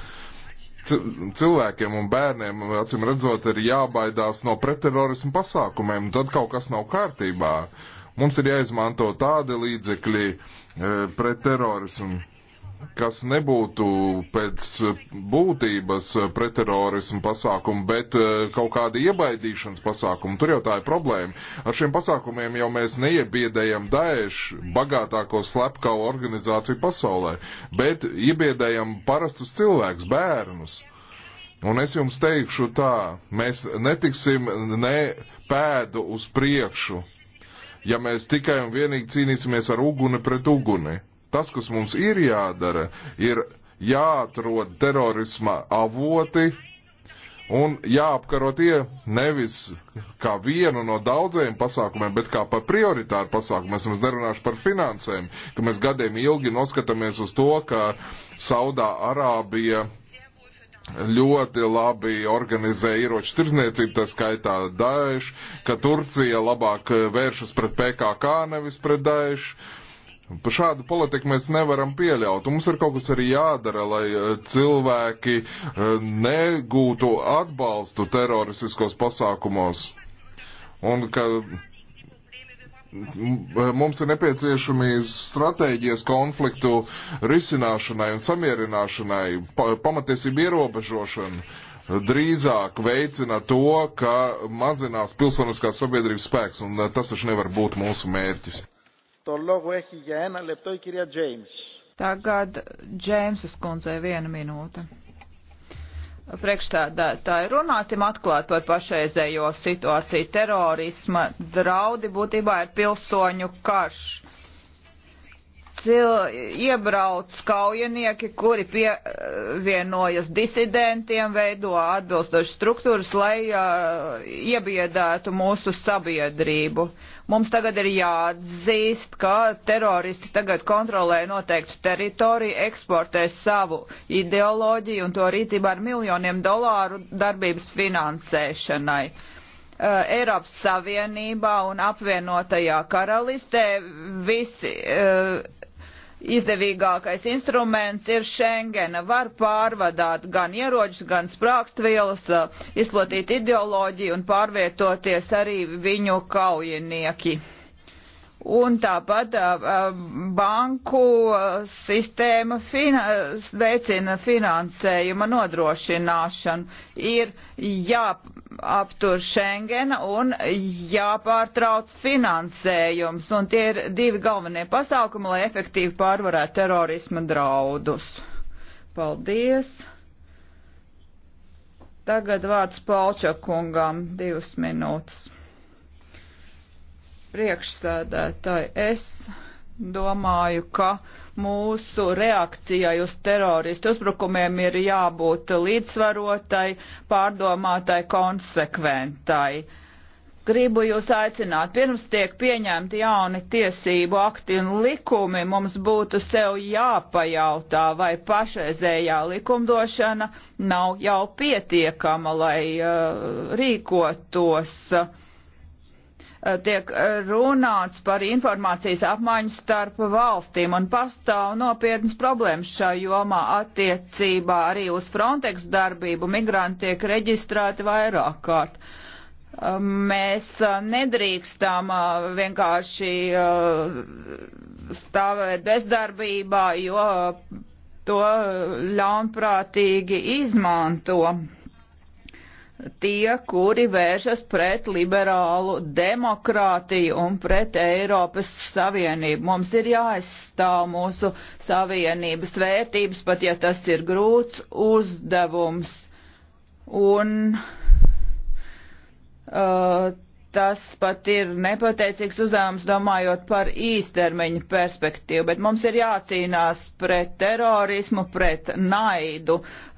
cilvēkiem un bērniem, acīm redzot, ir jābaidās no pretterorismu pasākumiem, tad kaut kas nav kārtībā. Uh, Mums ir jāizmanto tādi līdzekļi e, pret terorismu, kas nebūtu pēc būtības pretterorismu pasākumu, bet e, kaut kāda iebaidīšanas pasākumu. Tur jau tā ir problēma. Ar šiem pasākumiem jau mēs neiebiedējam Daešu, bagātāko slepkavu organizāciju pasaulē, bet iebiedējam parastus cilvēkus, bērnus. Un es jums teikšu tā, mēs netiksim ne pēdu uz priekšu ja mēs tikai un vienīgi cīnīsimies ar uguni pret uguni. Tas, kas mums ir jādara, ir jāatrod terorisma avoti un jāapkaro tie nevis kā vienu no daudziem pasākumiem, bet kā par prioritāru pasākumu. Es mums nerunāšu par finansēm, ka mēs gadiem ilgi noskatāmies uz to, ka Saudā Arābija ļoti labi organizē ieroču tirzniecību, tā skaitā Daesh, ka Turcija labāk vēršas pret PKK nevis pret Daesh. Pa šādu politiku mēs nevaram pieļaut. Mums ir kaut kas arī jādara, lai e, cilvēki e, negūtu atbalstu teroristiskos pasākumos. Un ka Mums ir nepieciešami stratēģijas konfliktu risināšanai un samierināšanai, pa, pamatiesību ierobežošana drīzāk veicina to, ka mazinās pilsoniskās sabiedrības spēks, un eh, tas taču nevar būt mūsu mērķis. Tagad Džeimsas kundzei viena minūte priekšsēdētāji, runāsim atklāt par pašreizējo situāciju. Terorisma draudi būtībā ir pilsoņu karš iebrauc kaujinieki, kuri pievienojas disidentiem, veido atbilstošas struktūras, lai uh, iebiedētu mūsu sabiedrību. Mums tagad ir jāatzīst, ka teroristi tagad kontrolē noteiktu teritoriju, eksportē savu ideoloģiju un to rīcībā ar miljoniem dolāru darbības finansēšanai. Uh, Eiropas Savienībā un apvienotajā karalistē visi uh, izdevīgākais instruments ir Schengena. Var pārvadāt gan ieroģus, gan sprākstvielas, eh, izplatīt ideoloģiju un pārvietoties arī viņu kaujinieki un tāpat banku sistēma fina, veicina finansējuma nodrošināšanu. Ir jāaptur Schengena un jāpārtrauc finansējums, un tie ir divi galvenie pasākumi, lai efektīvi pārvarētu terorisma draudus. Paldies! Tagad vārds Palčakungam divas minūtes priekšsēdētāji, es domāju, ka mūsu reakcijai uz teroristu uzbrukumiem ir jābūt līdzsvarotai, pārdomātai, konsekventai. Gribu jūs aicināt, pirms tiek pieņemti jauni tiesību akti un likumi, mums būtu sev jāpajautā, vai pašreizējā likumdošana nav jau pietiekama, lai uh, rīkotos uh, Eh, tiek eh, runāts par informācijas apmaiņu starp valstīm un pastāv nopietnas problēmas šā jomā attiecībā arī uz Frontex darbību. Migranti tiek reģistrēti vairāk kārt. Eh, mēs nedrīkstam vienkārši stāvēt bezdarbībā, jo to ļaunprātīgi izmanto tie, kuri vēršas pret liberālu demokrātiju un pret Eiropas Savienību. Mums ir jāaizstāv mūsu Savienības vērtības, pat ja tas ir grūts uzdevums. Un uh, tas pat ir nepateicīgs uzdevums, domājot par īstermiņu perspektīvu, bet mums ir jācīnās pret terorismu, pret naidu,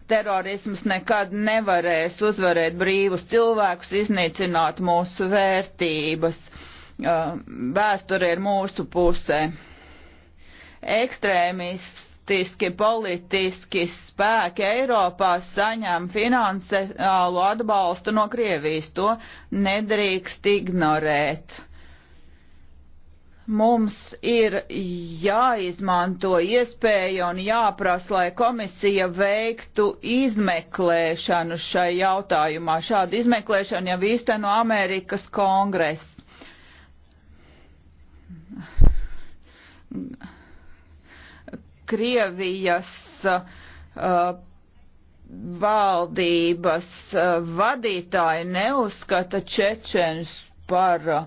terorisms nekad nevarēs uzvarēt brīvus cilvēkus, iznīcināt mūsu vērtības. Uh, vēsture ir mūsu pusē. Ekstrēmistiski politiski spēki Eiropā saņem finansiālu atbalstu no Krievijas. To nedrīkst ignorēt mums ir jāizmanto iespēja un jāprasa, lai komisija veiktu izmeklēšanu šai jautājumā. Šādu izmeklēšanu jau īsteno Amerikas kongress. Krievijas uh, valdības uh, vadītāji neuzskata čečens par uh,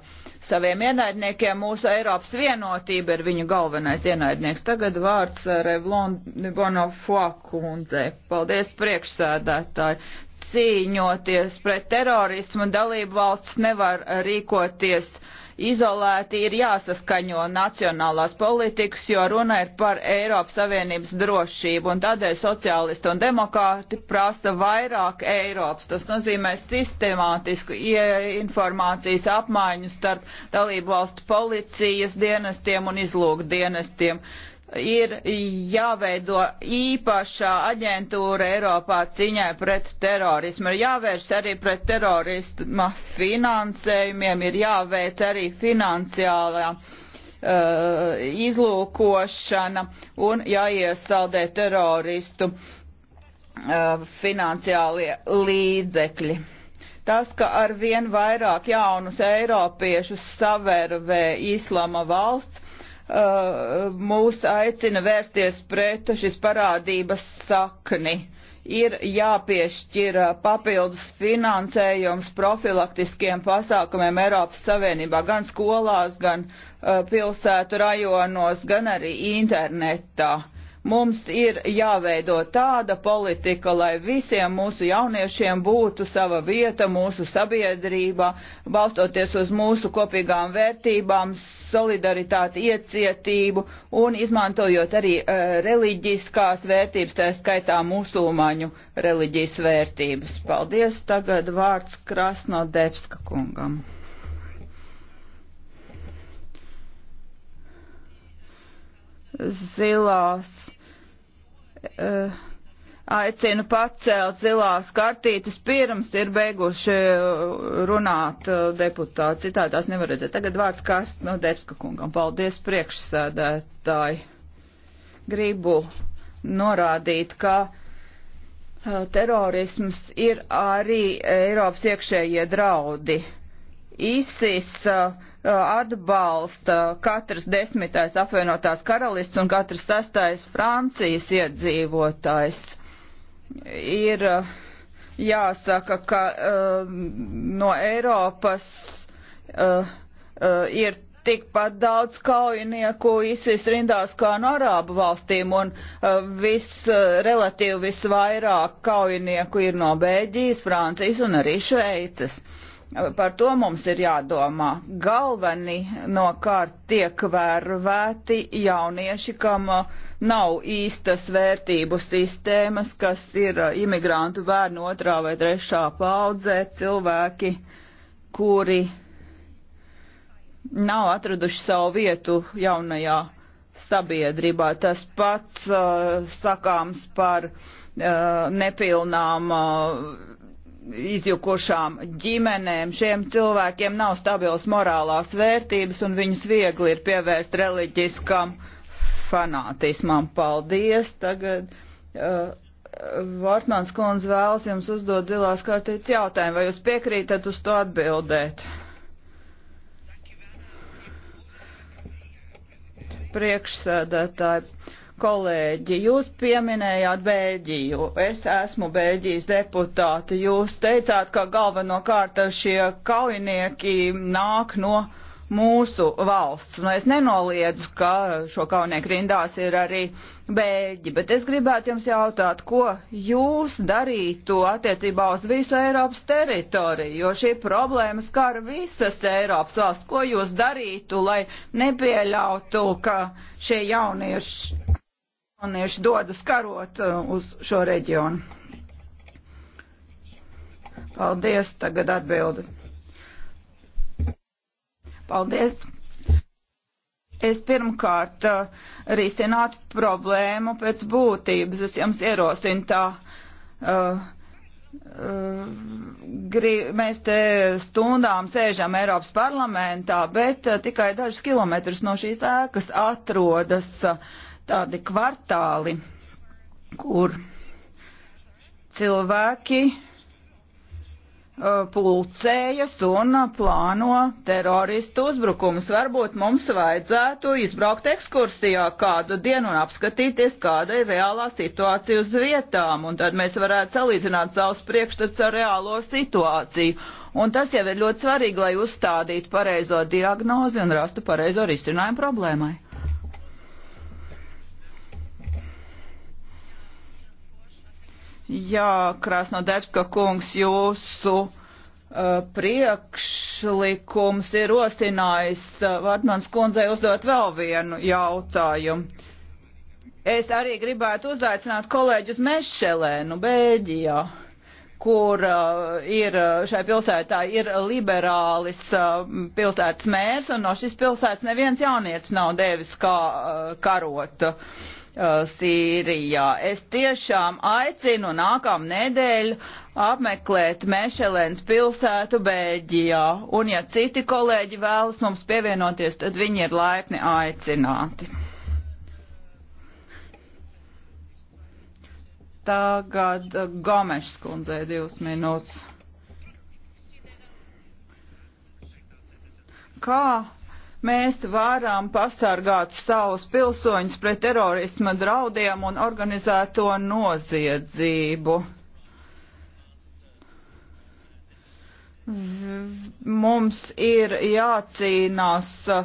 saviem ienaidniekiem. Mūsu Eiropas vienotība ir viņu galvenais ienaidnieks. Tagad vārds uh, Revlon Bonofua kundzei. Paldies priekšsēdētāji. Cīņoties pret terorismu dalību valsts nevar rīkoties uh, izolēti ir jāsaskaņo nacionālās politikas, jo runa ir par Eiropas Savienības drošību, un tādēļ sociālisti un demokrāti prasa vairāk Eiropas. Tas nozīmē sistemātisku informācijas apmaiņu starp dalību valstu policijas dienestiem un izlūk dienestiem. Uh, ir jāveido īpašā aģentūra Eiropā ciņai pret terorismu, ir jāvērš arī pret terorisma finansējumiem, ir jāveic arī finansiālā uh, izlūkošana un jāiesaldē teroristu uh, finansiālie līdzekļi. Tas, ka ar vien vairāk jaunus eiropiešus savervē Islama valsts, Uh, mūs aicina vērsties pret šis parādības sakni. Ir jāpiešķir uh, papildus finansējums profilaktiskiem pasākumiem Eiropas Savienībā, gan skolās, gan uh, pilsētu rajonos, gan arī internetā Mums ir jāveido tāda politika, lai visiem mūsu jauniešiem būtu sava vieta mūsu sabiedrībā, balstoties uz mūsu kopīgām vērtībām, solidaritāti, iecietību un izmantojot arī uh, reliģiskās vērtības, tā skaitā musulmaņu reliģijas vērtības. Paldies, tagad vārds Krasnodebska kungam. Zilās Eh, aicinu pacelt zilās kartītes pirms ir beiguši eh, runāt eh, deputāti. Citādi tās nevar redzēt. Tagad vārds Karsts no Debska kungam. Paldies priekšsēdētāji. Gribu norādīt, ka terorisms ir arī Eiropas iekšējie draudi ISIS uh, uh, atbalsta katrs desmitais apvienotās karalists un katrs sastais Francijas iedzīvotājs. Ir uh, jāsaka, ka um, no Eiropas ir tikpat daudz kaujinieku ISIS rindās kā no Arābu valstīm, un uh, vis, uh, relatīvi visvairāk kaujinieku ir no Bēļģijas, Francijas un arī Šveices. Uh, Par to mums ir jādomā. Galveni no kārt tiek vērvēti jaunieši, kam uh, nav īstas vērtību sistēmas, kas ir uh, imigrantu vērnu otrā vai trešā paudzē cilvēki, kuri nav atraduši savu vietu jaunajā sabiedrībā. Tas pats uh, sakāms par uh, nepilnām uh, izjukušām ģimenēm. Šiem cilvēkiem nav stabilas morālās vērtības un viņus viegli ir pievērst reliģiskam fanātismam. Paldies! Tagad uh, Vortmans kundze vēlas jums uzdot zilās kārtītas jautājumu. Vai jūs piekrītat uz to atbildēt? Priekšsēdētāji kolēģi, jūs pieminējāt Bēļģiju. Es esmu Bēļģijas deputāti. Jūs teicāt, ka galvenokārt šie kaujinieki nāk no mūsu valsts. Nu, es nenoliedzu, ka šo kaunieku rindās ir arī Bēļģi, bet es gribētu jums jautāt, ko jūs darītu attiecībā uz visu Eiropas teritoriju, jo šī problēma skar visas Eiropas valsts. Ko jūs darītu, lai nepieļautu, ka šie jaunieši jaunieši dodas karot uh, uz šo reģionu. Paldies, tagad atbildes. Paldies. Es pirmkārt uh, risinātu problēmu pēc būtības. Es jums ierosinu tā. Uh, uh mēs te stundām sēžam Eiropas parlamentā, bet tikai dažus kilometrus no šīs ēkas atrodas tādi kvartāli, kur cilvēki uh, pulcējas un plāno teroristu uzbrukumus. Varbūt mums vajadzētu izbraukt ekskursijā kādu dienu un apskatīties, kāda ir reālā situācija uz vietām, un tad mēs varētu salīdzināt savus priekšstats ar reālo situāciju. Un tas jau ir ļoti svarīgi, lai uzstādītu pareizo diagnozi un rastu pareizo risinājumu problēmai. Jā, Krasnodebska kungs, jūsu uh, priekšlikums ir rosinājis uh, Vardmans kundzei uzdot vēl vienu jautājumu. Es arī gribētu uzaicināt kolēģus Mešelēnu, Bēļģijā kur uh, ir eh, šai pilsētā ir liberālis uh, pilsētas mērs, un no šīs pilsētas neviens jaunietis nav devis kā uh, karot uh, Sīrijā. Es tiešām aicinu nākam nedēļu apmeklēt Mešelēns pilsētu Bēļģijā, un ja citi kolēģi vēlas mums pievienoties, tad viņi ir laipni aicināti. Tagad eh, Gomešs kundzei divas minūtes. Kā mēs varam pasargāt savus pilsoņus pret terorisma draudiem un organizēto noziedzību? Mums ir jācīnās uh,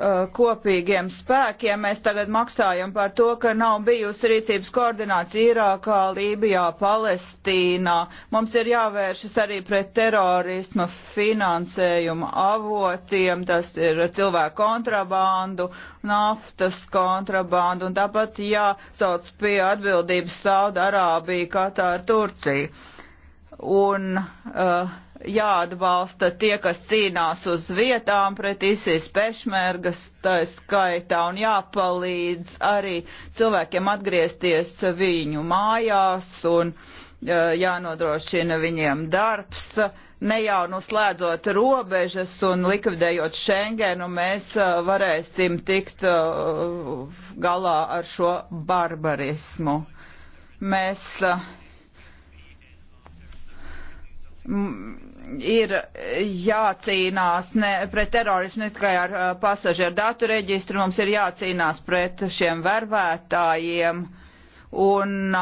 Uh, kopīgiem spēkiem. Mēs tagad maksājam par to, ka nav bijusi rīcības koordinācija Irākā, Lībijā, Palestīnā. Mums ir jāvēršas arī pret terorisma finansējuma avotiem, tas ir cilvēku kontrabandu, naftas kontrabandu un tāpat jāsauc pie atbildības Sauda Arābija, Katāra, Turcija. Un, uh, jāatbalsta tie, kas cīnās uz vietām pret ISIS pešmērgas, tā skaitā, un jāpalīdz arī cilvēkiem atgriezties viņu mājās un e, jānodrošina viņiem darbs. Ne jau noslēdzot nu robežas un likvidējot Schengenu, mēs e, varēsim tikt e, galā ar šo barbarismu. Mēs uh, ir jācīnās ne, pret terorismu ne tikai ar pasažieru datu reģistru, mums ir jācīnās pret šiem vervētājiem, un,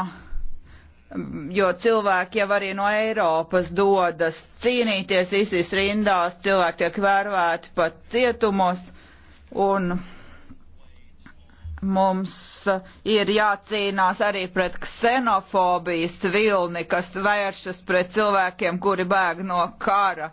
jo cilvēki jau arī no Eiropas dodas cīnīties, izsīs rindās, cilvēki tiek vervēti pat cietumos, un Mums eh, ir jācīnās arī pret ksenofobijas vilni, kas vēršas pret cilvēkiem, kuri bēg no kara.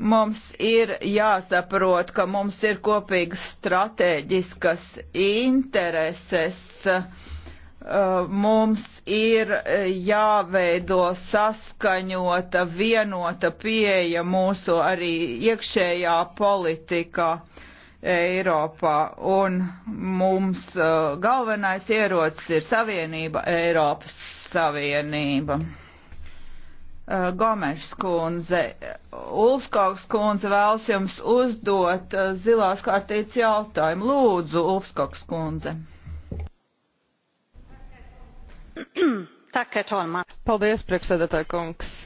Mums ir jāsaprot, ka mums ir kopīgas stratēģiskas intereses. Eh, mums ir eh, jāveido saskaņota, vienota pieeja mūsu arī iekšējā politikā Eiropā, un mums uh, galvenais ierocis ir Savienība, Eiropas Savienība. Uh, Gomešs kundze, Ulfskogs kundze vēlas jums uzdot uh, zilās kārtītas jautājumu. Lūdzu, Ulfskogs kundze. Paldies, priekšsēdētāja kungs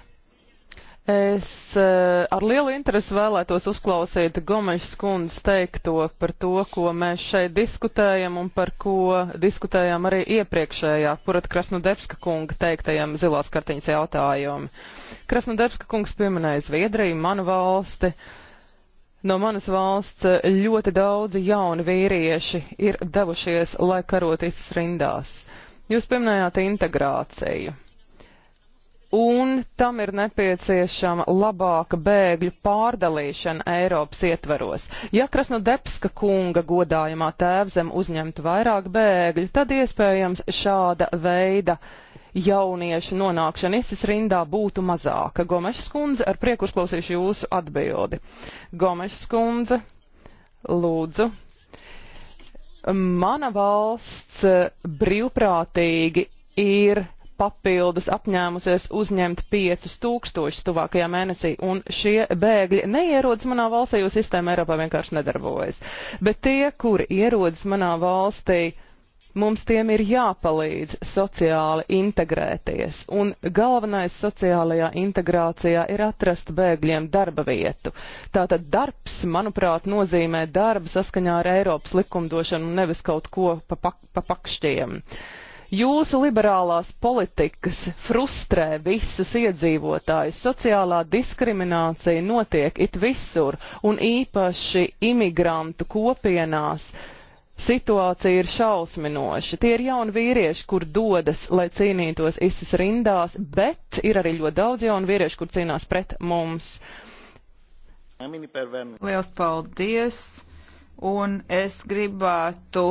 Es eh, ar lielu interesi vēlētos uzklausīt Gomešs kundzes teikto par to, ko mēs šeit diskutējam un par ko diskutējām arī iepriekšējā, kurat Krasnodebska kunga teiktajam zilās kartiņas jautājumu. Krasnodebska kungs pieminēja Zviedriju, manu valsti. No manas valsts ļoti daudzi jauni vīrieši ir devušies, lai karotīsas rindās. Jūs pieminējāt integrāciju un tam ir nepieciešama labāka bēgļu pārdalīšana Eiropas ietvaros. Ja Krasnodebska kunga godājumā tēvzem uzņemtu vairāk bēgļu, tad iespējams šāda veida jauniešu nonākšana ISIS rindā būtu mazāka. Gomešs kundze, ar prieku uzklausīšu jūsu atbildi. Gomešs kundze, lūdzu. Mana valsts brīvprātīgi ir papildus apņēmusies uzņemt 5000 tuvākajā mēnesī, un šie bēgļi neierodas manā valstī, jo sistēma Eiropā vienkārši nedarbojas. Bet tie, kuri ierodas manā valstī, mums tiem ir jāpalīdz sociāli integrēties, un galvenais sociālajā integrācijā ir atrast bēgļiem darba vietu. Tātad darbs, manuprāt, nozīmē darbu saskaņā ar Eiropas likumdošanu un nevis kaut ko pa, pak pa pakšķiem. Pa Jūsu liberālās politikas frustrē visus iedzīvotājus. Sociālā diskriminācija notiek it visur, un īpaši imigrantu kopienās. Situācija ir šausminoša. Tie ir jauni vīrieši, kur dodas, lai cīnītos ISIS rindās, bet ir arī ļoti daudz jaunu vīriešu, kur cīnās pret mums. Liels paldies! Un es gribētu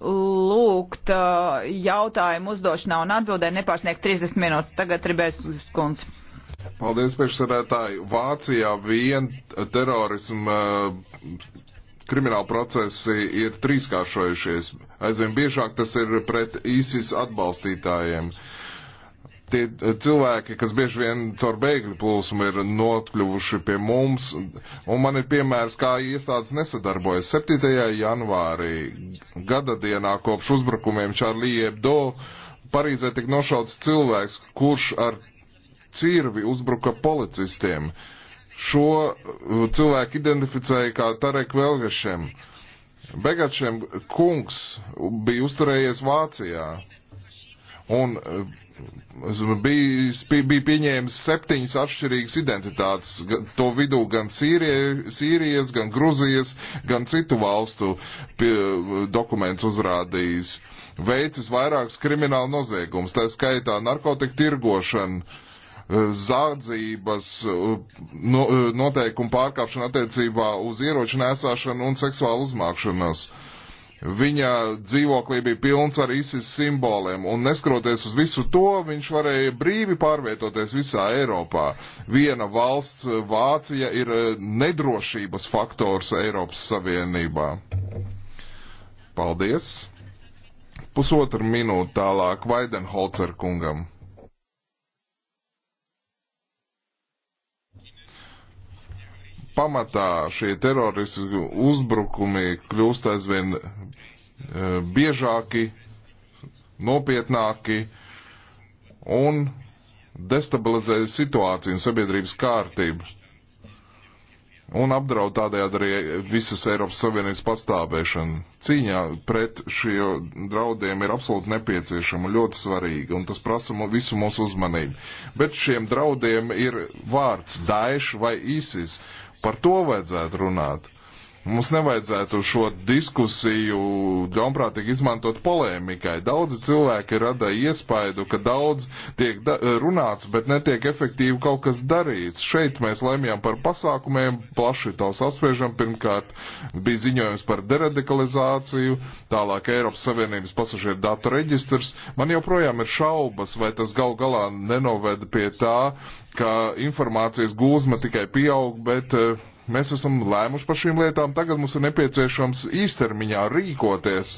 lūgt jautājumu uzdošanā un atbildē nepārsniegt 30 minūtes. Tagad Ribēs skundz. Paldies, priekšsarētāji. Vācijā vien terorismu krimināla procesi ir trīskāršojušies. Aizvien biežāk tas ir pret ISIS atbalstītājiem. Uh, tie eh, cilvēki, kas bieži vien caur bēgļu plūsmu ir nokļuvuši pie mums, un man ir piemērs, kā iestādes nesadarbojas. 7. janvārī gada dienā kopš uzbrukumiem Čārlī Ebdo Parīzē tika nošauts cilvēks, kurš ar cirvi uzbruka policistiem. Šo eh, cilvēku identificēja kā Tarek Velgašem. Begačem kungs bija uzturējies Vācijā Un bija, eh, bija pieņēmis septiņas atšķirīgas identitātes, to vidū gan Sīrie, Sīrijas, gan Gruzijas, gan citu valstu pie, dokuments uzrādījis. Veicis vairākus kriminālu noziegumus, tā skaitā narkotiku tirgošanu, eh, zādzības, eh, no, noteikumu pārkāpšanu attiecībā uz ieroču nesāšanu un seksuālu uzmākšanos. Uh, Viņa dzīvoklī bija pilns ar ISIS simboliem, un neskroties uz visu to, viņš varēja brīvi pārvietoties visā Eiropā. Viena valsts, Vācija, ir eh, nedrošības faktors Eiropas Savienībā. Paldies! Pusotru minūtu tālāk Vaidenholzer kungam. pamatā šie teroristiski uzbrukumi kļūst aizvien e, biežāki, nopietnāki un destabilizē situāciju un sabiedrības kārtību. Un apdraud tādējādi arī visas Eiropas Savienības pastāvēšanu. Cīņā pret šiem draudiem ir absolūti nepieciešama un ļoti svarīga, un tas prasa visu mūsu uzmanību. Bet šiem draudiem ir vārds Daesh vai ISIS, Par to vajadzētu runāt. Mums nevajadzētu šo diskusiju domprātīgi izmantot polēmikai. Daudzi cilvēki rada iespaidu, ka daudz tiek da runāts, bet netiek efektīvi kaut kas darīts. Šeit mēs lēmjām par pasākumiem, plaši tās apspriežam. Pirmkārt bija ziņojums par deradikalizāciju, tālāk Eiropas Savienības pasažieru datu reģistrs. Man joprojām ir šaubas, vai tas gal galā nenoveda pie tā, ka informācijas gūzma tikai pieaug, bet uh, Mēs esam lēmuši par šīm lietām, tagad mums ir nepieciešams īstermiņā rīkoties.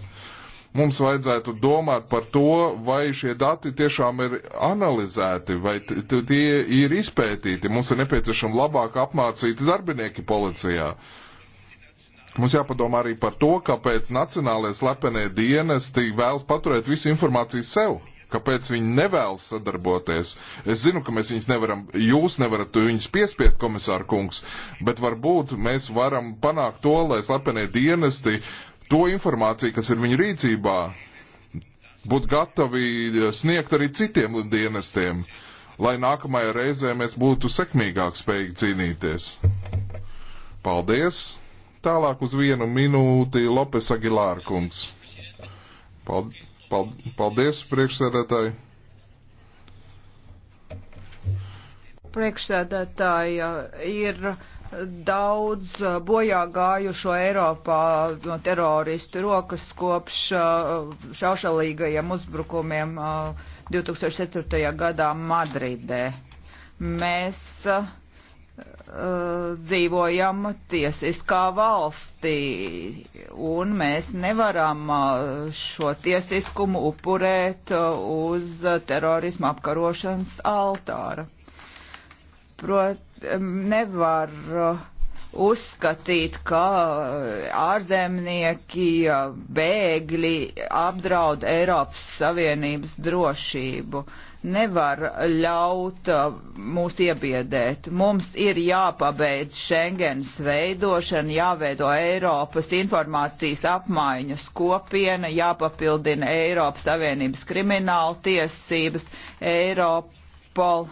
Mums vajadzētu domāt par to, vai šie dati tiešām ir analizēti, vai tie ir izpētīti. Mums ir nepieciešama labāk apmācīti darbinieki policijā. Mums jāpadomā arī par to, kāpēc Nacionālajie slepenie dienesti vēlas paturēt visu informāciju sev. Kāpēc viņi nevēlas sadarboties? Es zinu, ka mēs viņus nevaram, jūs nevarat viņus piespiest, komisāra kungs, bet varbūt mēs varam panākt to, lai slepenie dienesti to informāciju, kas ir viņu rīcībā, būtu gatavi sniegt arī citiem dienestiem, lai nākamajā reizē mēs būtu sekmīgāk spējīgi cīnīties. Paldies! Tālāk uz vienu minūti Lopes Agilārkungs. Paldies! Paldies, priekšsēdētāji! Priekšsēdētāja eh, ir daudz eh, bojā gājušo Eiropā no teroristu rokas kopš eh, šaušalīgajiem uzbrukumiem 2004. gadā Madridē. Mēs uh, Uh, dzīvojam tiesiskā valstī, un mēs nevaram uh, šo tiesiskumu upurēt uh, uz terorismu apkarošanas altāra. Prot, um, nevar uzskatīt, ka ārzemnieki bēgļi apdraud Eiropas Savienības drošību. Uh, nevar ļaut uh, mūs iebiedēt. Mums ir jāpabeidz Schengens veidošana, jāveido Eiropas informācijas apmaiņas kopiena, jāpapildina Eiropas Savienības krimināla tiesības, Eiropol,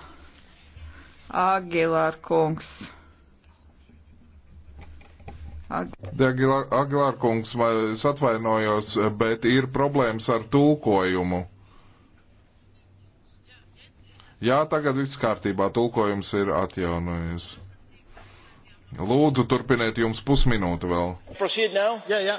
Agilārkungs. Ag... Agilārkungs, es atvainojos, bet ir problēmas ar tulkojumu. Jā, tagad viss kārtībā, tulkojums ir atjaunojies. Lūdzu, turpiniet jums pusminūti vēl. Yeah, yeah.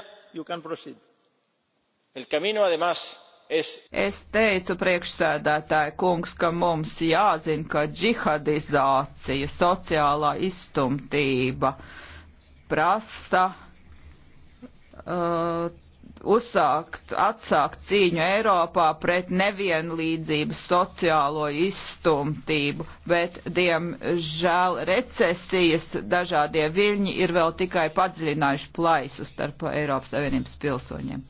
Es... es teicu priekšsēdētāju kungs, ka mums jāzina, ka džihadizācija, sociālā izstumtība prasa uh, uzsākt, atsākt cīņu Eiropā pret nevienlīdzību, sociālo izstumtību, bet, diemžēl, recesijas dažādie viļņi ir vēl tikai padziļinājuši plaisu starp Eiropas Savienības pilsoņiem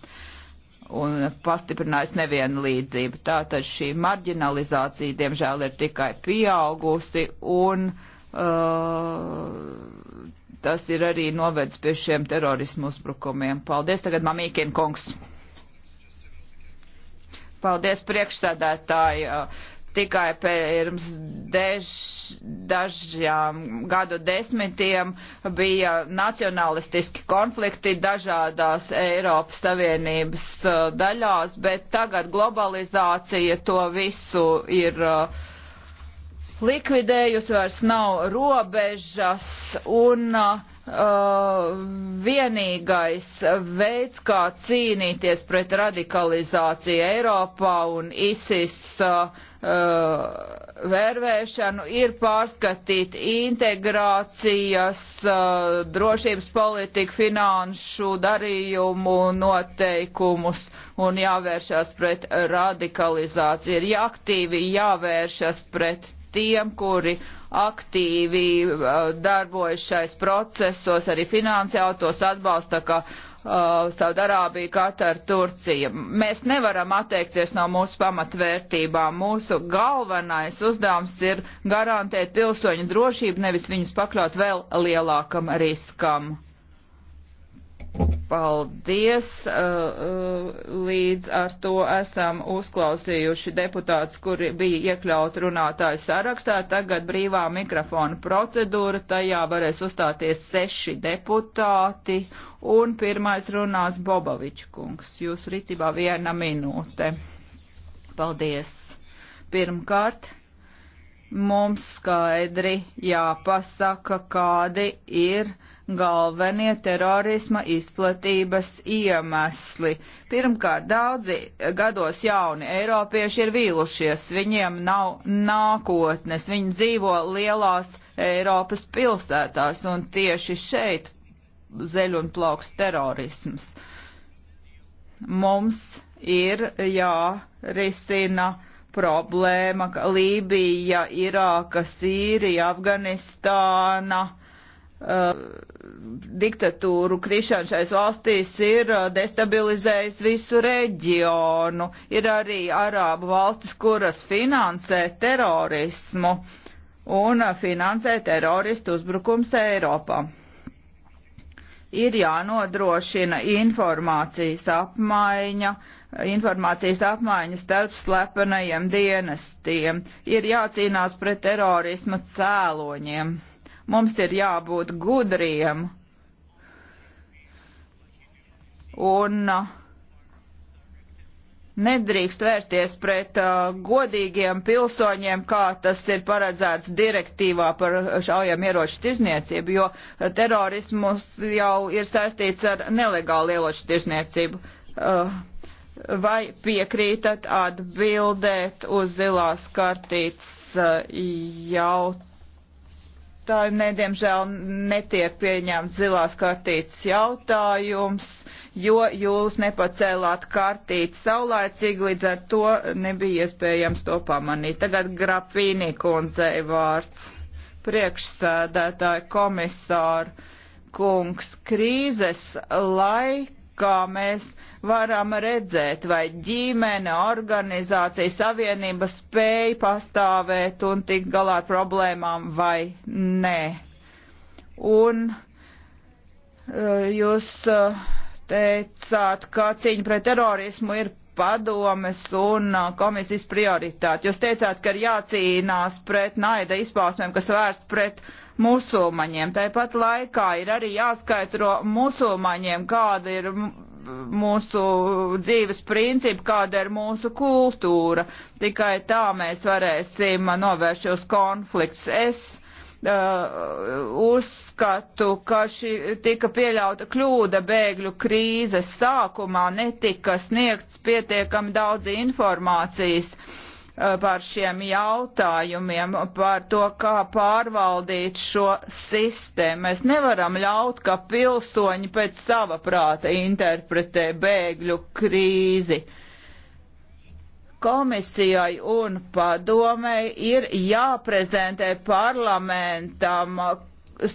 un pastiprinājis nevienlīdzību. Tātad šī marginalizācija, diemžēl, ir tikai pieaugusi un uh, tas ir arī novedis pie šiem terorismu uzbrukumiem. Paldies, tagad Mamīkina kungs. Paldies, priekšsēdētāji. Tikai pirms dež, dažām gadu desmitiem bija nacionalistiski konflikti dažādās Eiropas Savienības daļās, bet tagad globalizācija to visu ir uh, likvidējusi, vairs nav robežas un uh, vienīgais veids, kā cīnīties pret radikalizāciju Eiropā un ISIS uh, uh vērvēšanu, ir pārskatīt integrācijas, uh, drošības politiku, finanšu darījumu noteikumus un jāvēršas pret radikalizāciju. Ir aktīvi jāvēršas pret tiem, kuri aktīvi uh, darbojas šais procesos, arī finansiāli tos atbalsta, ka uh, Saudarābija, Katara, Turcija. Mēs nevaram atteikties no mūsu pamatvērtībām. Mūsu galvenais uzdevums ir garantēt pilsoņu drošību, nevis viņus pakļaut vēl lielākam riskam. Paldies! Uh, uh, līdz ar to esam uzklausījuši deputātus, kuri bija iekļauti runātāju sarakstā. Tagad brīvā mikrofona procedūra. Tajā varēs uzstāties seši deputāti. Un pirmais runās Bobavičs kungs. Jūsu rīcībā viena minūte. Paldies! Pirmkārt mums skaidri jāpasaka, kādi ir galvenie terorisma izplatības iemesli. Pirmkārt, daudzi gados jauni eiropieši ir vīlušies, viņiem nav nākotnes, viņi dzīvo lielās Eiropas pilsētās un tieši šeit zeļ un plauks terorisms. Mums ir jārisina problēma, ka Lībija, Irāka, Sīrija, Afganistāna, Uh, diktatūru krišana šais valstīs ir uh, destabilizējis visu reģionu. Ir arī arābu valstis, kuras finansē terorismu un uh, finansē teroristu uzbrukums Eiropā. Ir jānodrošina informācijas apmaiņa, informācijas apmaiņa starp slepenajiem dienestiem. Ir jācīnās pret terorisma cēloņiem Mums ir jābūt gudriem un uh, nedrīkst vērsties pret uh, godīgiem pilsoņiem, kā tas ir paredzēts direktīvā par šaujam ieroču tirzniecību, jo terorismus jau ir saistīts ar nelegālu ieroču tirzniecību. Uh, vai piekrītat atbildēt uz zilās kartītes uh, jautājumu? jautājumiem. Diemžēl netiek pieņemts zilās kartītes jautājums, jo jūs nepacēlāt kartīti saulēcīgi, līdz ar to nebija iespējams to pamanīt. Tagad Grapīnī kundzei vārds. Priekšsēdētāji komisāru kungs krīzes laika kā mēs varam redzēt, vai ģimene, organizācija, savienība spēj pastāvēt un tikt galā ar problēmām vai nē. Un eh, jūs eh, teicāt, ka cīņa pret terorismu ir padomes un eh, komisijas prioritāte. Jūs teicāt, ka ir jācīnās pret naida izpausmēm, kas vērst pret uh, musulmaņiem. Tāpat laikā ir arī jāskaidro musulmaņiem, kāda ir mūsu dzīves principi, kāda ir mūsu kultūra. Tikai tā mēs varēsim novērst šos konfliktus. Es uh, uzskatu, ka šī tika pieļauta kļūda bēgļu krīzes sākumā, netika sniegts pietiekami daudz informācijas uh, Eh, par šiem jautājumiem, par to, kā pārvaldīt šo sistēmu. Mēs nevaram ļaut, ka pilsoņi pēc sava prāta interpretē bēgļu krīzi. Komisijai un padomei ir jāprezentē parlamentam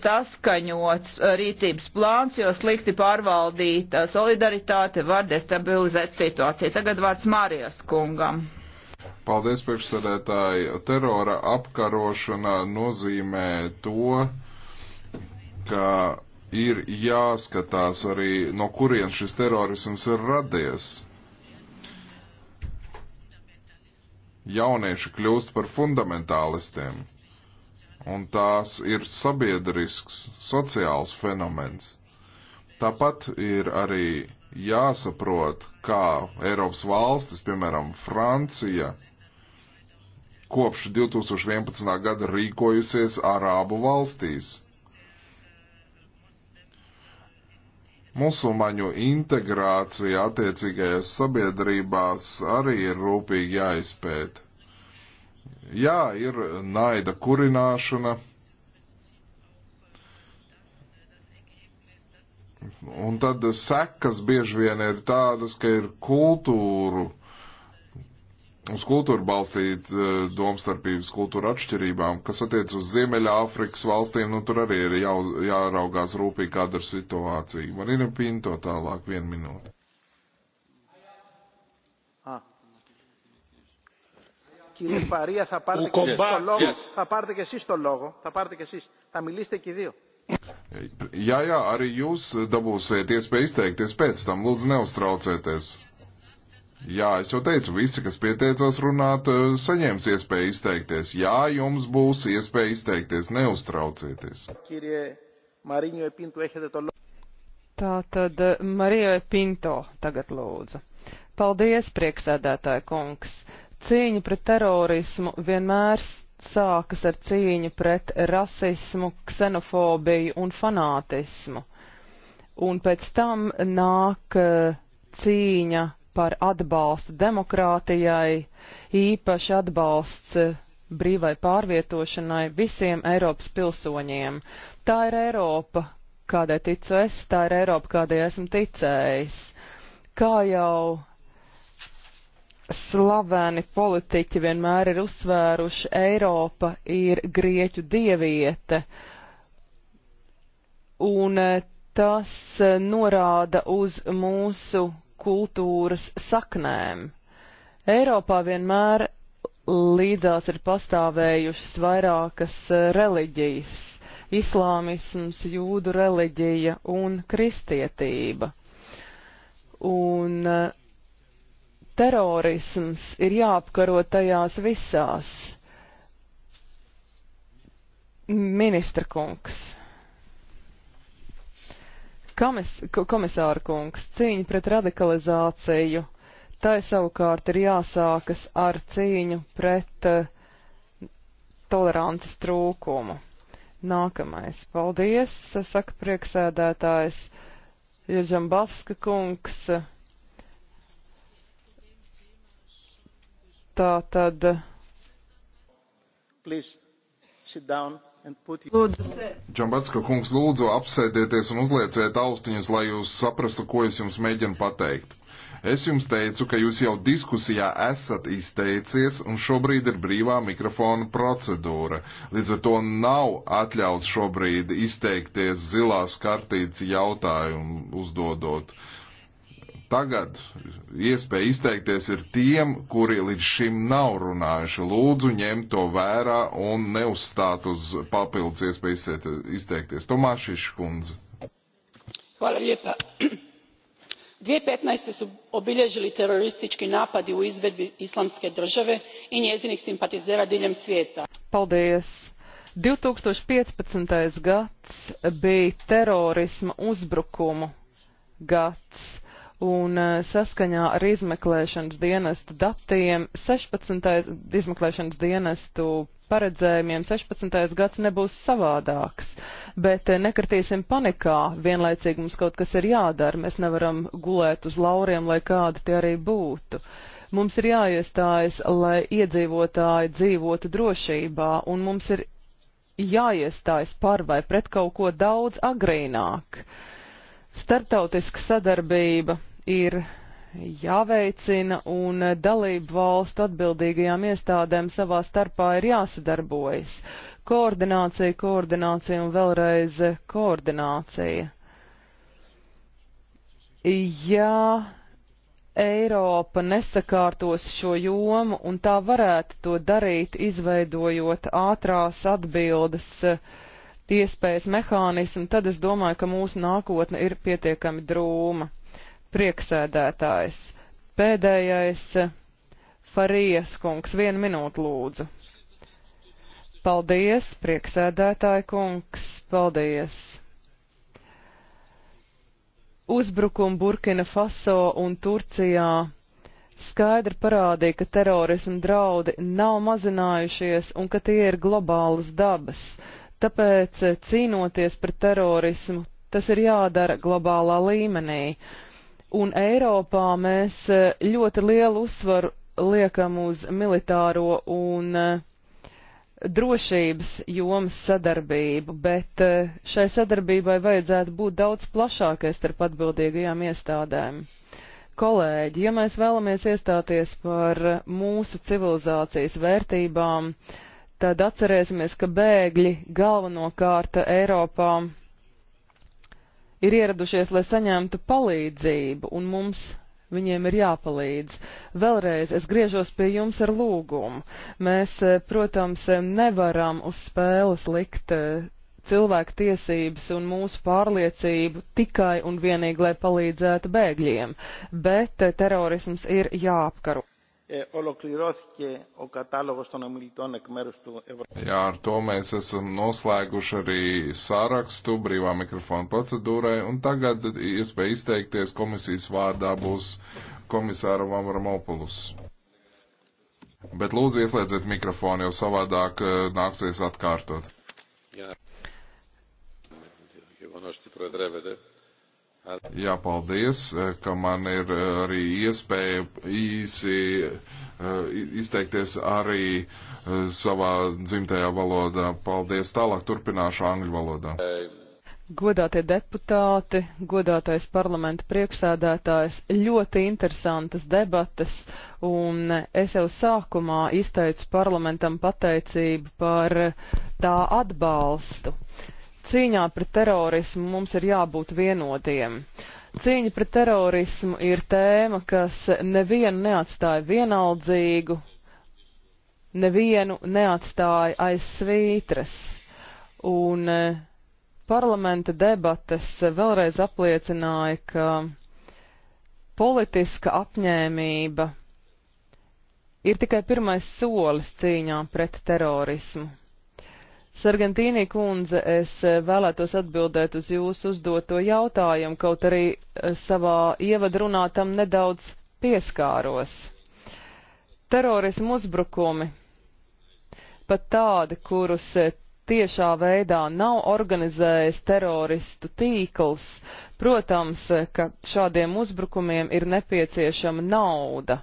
saskaņots rīcības plāns, jo slikti pārvaldīta solidaritāte var destabilizēt situāciju. Tagad vārds Marijas kungam. Paldies, priekšsēdētāji. Terora apkarošana nozīmē to, ka ir jāskatās arī, no kurien šis terorisms ir radies. Jaunieši kļūst par fundamentālistiem, un tās ir sabiedrisks, sociāls fenomens. Tāpat ir arī jāsaprot, kā Eiropas valstis, piemēram, Francija, kopš 2011. gada rīkojusies Arābu valstīs. Musulmaņu integrācija attiecīgajās sabiedrībās arī ir rūpīgi jāizpēta. Jā, ir naida kurināšana. Un tad sekas bieži vien ir tādas, ka ir kultūru uh, uz kultūru balstīt eh, domstarpības, kultūra atšķirībām, kas attiec uz Ziemeļa Āfrikas valstīm, nu tur arī ir jau, jāraugās rūpīgi, kāda ir situācija. Man ir pinto tālāk vienu minūti. Ah. Κύριε Φαρία, mm. θα πάρετε, και εσείς το λόγο, θα πάρετε και εσείς το λόγο. Θα πάρετε και εσείς. Θα μιλήσετε και οι δύο. Jā, jā, arī jūs dabūsiet iespēju izteikties pēc tam. Lūdzu, neuztraucieties. Jā, es jau teicu, visi, kas pieteicās runāt, eh, saņems iespēju izteikties. Jā, jums būs iespēja izteikties, neuztraucieties. Tā tad Marijai Pinto tagad lūdzu. Paldies, prieksēdētāja kungs. Cīņa pret terorismu vienmēr sākas ar cīņu pret rasismu, ksenofobiju un fanātismu. Un pēc tam nāk eh, cīņa par atbalstu demokrātijai, īpaši atbalsts eh, brīvai pārvietošanai visiem Eiropas pilsoņiem. Tā ir Eiropa, kādai ticu es, tā ir Eiropa, kādai esmu ticējis. Kā jau slaveni politiķi vienmēr ir uzsvēruši, Eiropa ir grieķu dieviete, un eh, tas eh, norāda uz mūsu kultūras saknēm. Eiropā vienmēr līdzās ir pastāvējušas vairākas eh, reliģijas - islāmisms, jūdu reliģija un kristietība. Un eh, terorisms ir jāapkaro tajās visās. Ministra kungs. Kamis, komisāra kungs, cīņa pret radikalizāciju, tai savukārt ir jāsākas ar cīņu pret uh, tolerances trūkumu. Nākamais. Paldies, saka prieksēdētājs Jirģambavska kungs. Tā tad. Please, sit down. Džambatska kungs, lūdzu apsēdieties un uzlieciet austiņas, lai jūs saprastu, ko es jums mēģinu pateikt. Es jums teicu, ka jūs jau diskusijā esat izteicies, un šobrīd ir brīvā mikrofona procedūra. Līdz ar to nav atļauts šobrīd izteikties zilās kartītes jautājumu uzdodot. Uh, Tagad iespēja izteikties ir tiem, kuri līdz šim nav runājuši. Lūdzu, ņem to vērā un neuzstāt uz papildus iespēju izteikties. Tomāšiš kundze. Hvala lijepa. 2015. su obilježili teroristički napadi u izvedbi islamske države i njezinih simpatizera diljem svijeta. Paldies. 2015. gads bija terorisma uzbrukumu gads un eh, saskaņā ar izmeklēšanas dienestu datiem 16. izmeklēšanas dienestu paredzējumiem 16. gads nebūs savādāks, bet eh, nekritīsim panikā, vienlaicīgi mums kaut kas ir jādara, mēs nevaram gulēt uz lauriem, lai kādi tie arī būtu. Mums ir jāiestājas, lai iedzīvotāji dzīvotu drošībā, un mums ir jāiestājas par vai pret kaut ko daudz agrīnāk. Uh, Startautiska sadarbība ir jāveicina un dalību valstu atbildīgajām iestādēm savā starpā ir jāsadarbojas. Koordinācija, koordinācija un vēlreiz koordinācija. Ja Eiropa nesakārtos šo jomu un tā varētu to darīt, izveidojot ātrās atbildes uh, iespējas mehānismu, tad es domāju, ka mūsu nākotne ir pietiekami drūma. Prieksēdētājs. Pēdējais Farijas kungs. Vienu minūtu lūdzu. Paldies, prieksēdētāji kungs. Paldies. Uzbrukumi Burkina Faso un Turcijā skaidri parādīja, ka terorismu draudi nav mazinājušies un ka tie ir globālas dabas Tāpēc, eh, cīnoties pret terorismu, tas ir jādara globālā līmenī. Un Eiropā mēs eh, ļoti lielu uzsvaru liekam uz militāro un eh, drošības jomas sadarbību, bet šai sadarbībai vajadzētu būt daudz plašākai starp atbildīgajām iestādēm. Kolēģi, ja mēs vēlamies iestāties par mūsu civilizācijas vērtībām, uh, Tātad atcerēsimies, ka bēgļi galvenokārt Eiropā ir ieradušies, lai saņemtu palīdzību, un mums viņiem ir jāpalīdz. Vēlreiz es griežos pie jums ar lūgumu. Mēs, eh, protams, nevaram uz spēles likt eh, cilvēku tiesības un mūsu pārliecību tikai un vienīgi, lai palīdzētu bēgļiem, bet eh, terorisms ir jāapkaro. Ολοκληρώθηκε ο κατάλογος των ομιλητών εκ μέρους του Ευρωπαϊκού. Jā, ar to mēs esam noslēguši arī sārakstu brīvā mikrofona procedūrai, un tagad iespēja izteikties komisijas vārdā būs komisāra Vamramopulus. Bet lūdzu ieslēdziet mikrofonu, jo savādāk nāksies atkārtot. Jā. Javanosti prodrevede. Jā, paldies, ka man ir eh, arī iespēja īsi eh, izteikties arī eh, savā dzimtajā valodā. Paldies, tālāk turpināšu angļu valodā. Godātie deputāti, godātais parlamenta priekšsēdētājs, ļoti interesantas debatas, un es jau sākumā izteicu parlamentam pateicību par tā atbalstu. Cīņā pret terorismu mums ir jābūt vienodiem. Cīņa pret terorismu ir tēma, kas nevienu neatstāja vienaldzīgu, nevienu neatstāja aiz svītras. Un eh, parlamenta debates vēlreiz apliecināja, ka politiska apņēmība ir tikai pirmais solis cīņā pret terorismu. Sargentīnī kundze, es eh, vēlētos atbildēt uz jūsu uzdoto jautājumu, kaut arī eh, savā ievadrunā tam nedaudz pieskāros. Terorismu uzbrukumi, pat tādi, kurus eh, tiešā veidā nav organizējis teroristu tīkls, protams, ka šādiem uzbrukumiem ir nepieciešama nauda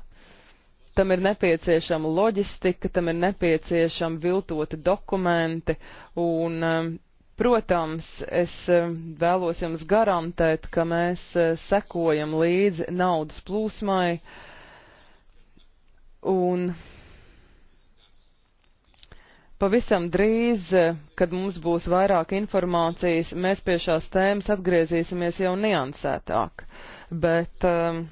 Tam ir nepieciešama loģistika, tam ir nepieciešama viltoti dokumenti, un, um, protams, es um, vēlos jums garantēt, ka mēs uh, sekojam līdzi naudas plūsmai, un Pavisam drīz, uh, kad mums būs vairāk informācijas, mēs pie šās tēmas atgriezīsimies jau niansētāk. Bet um,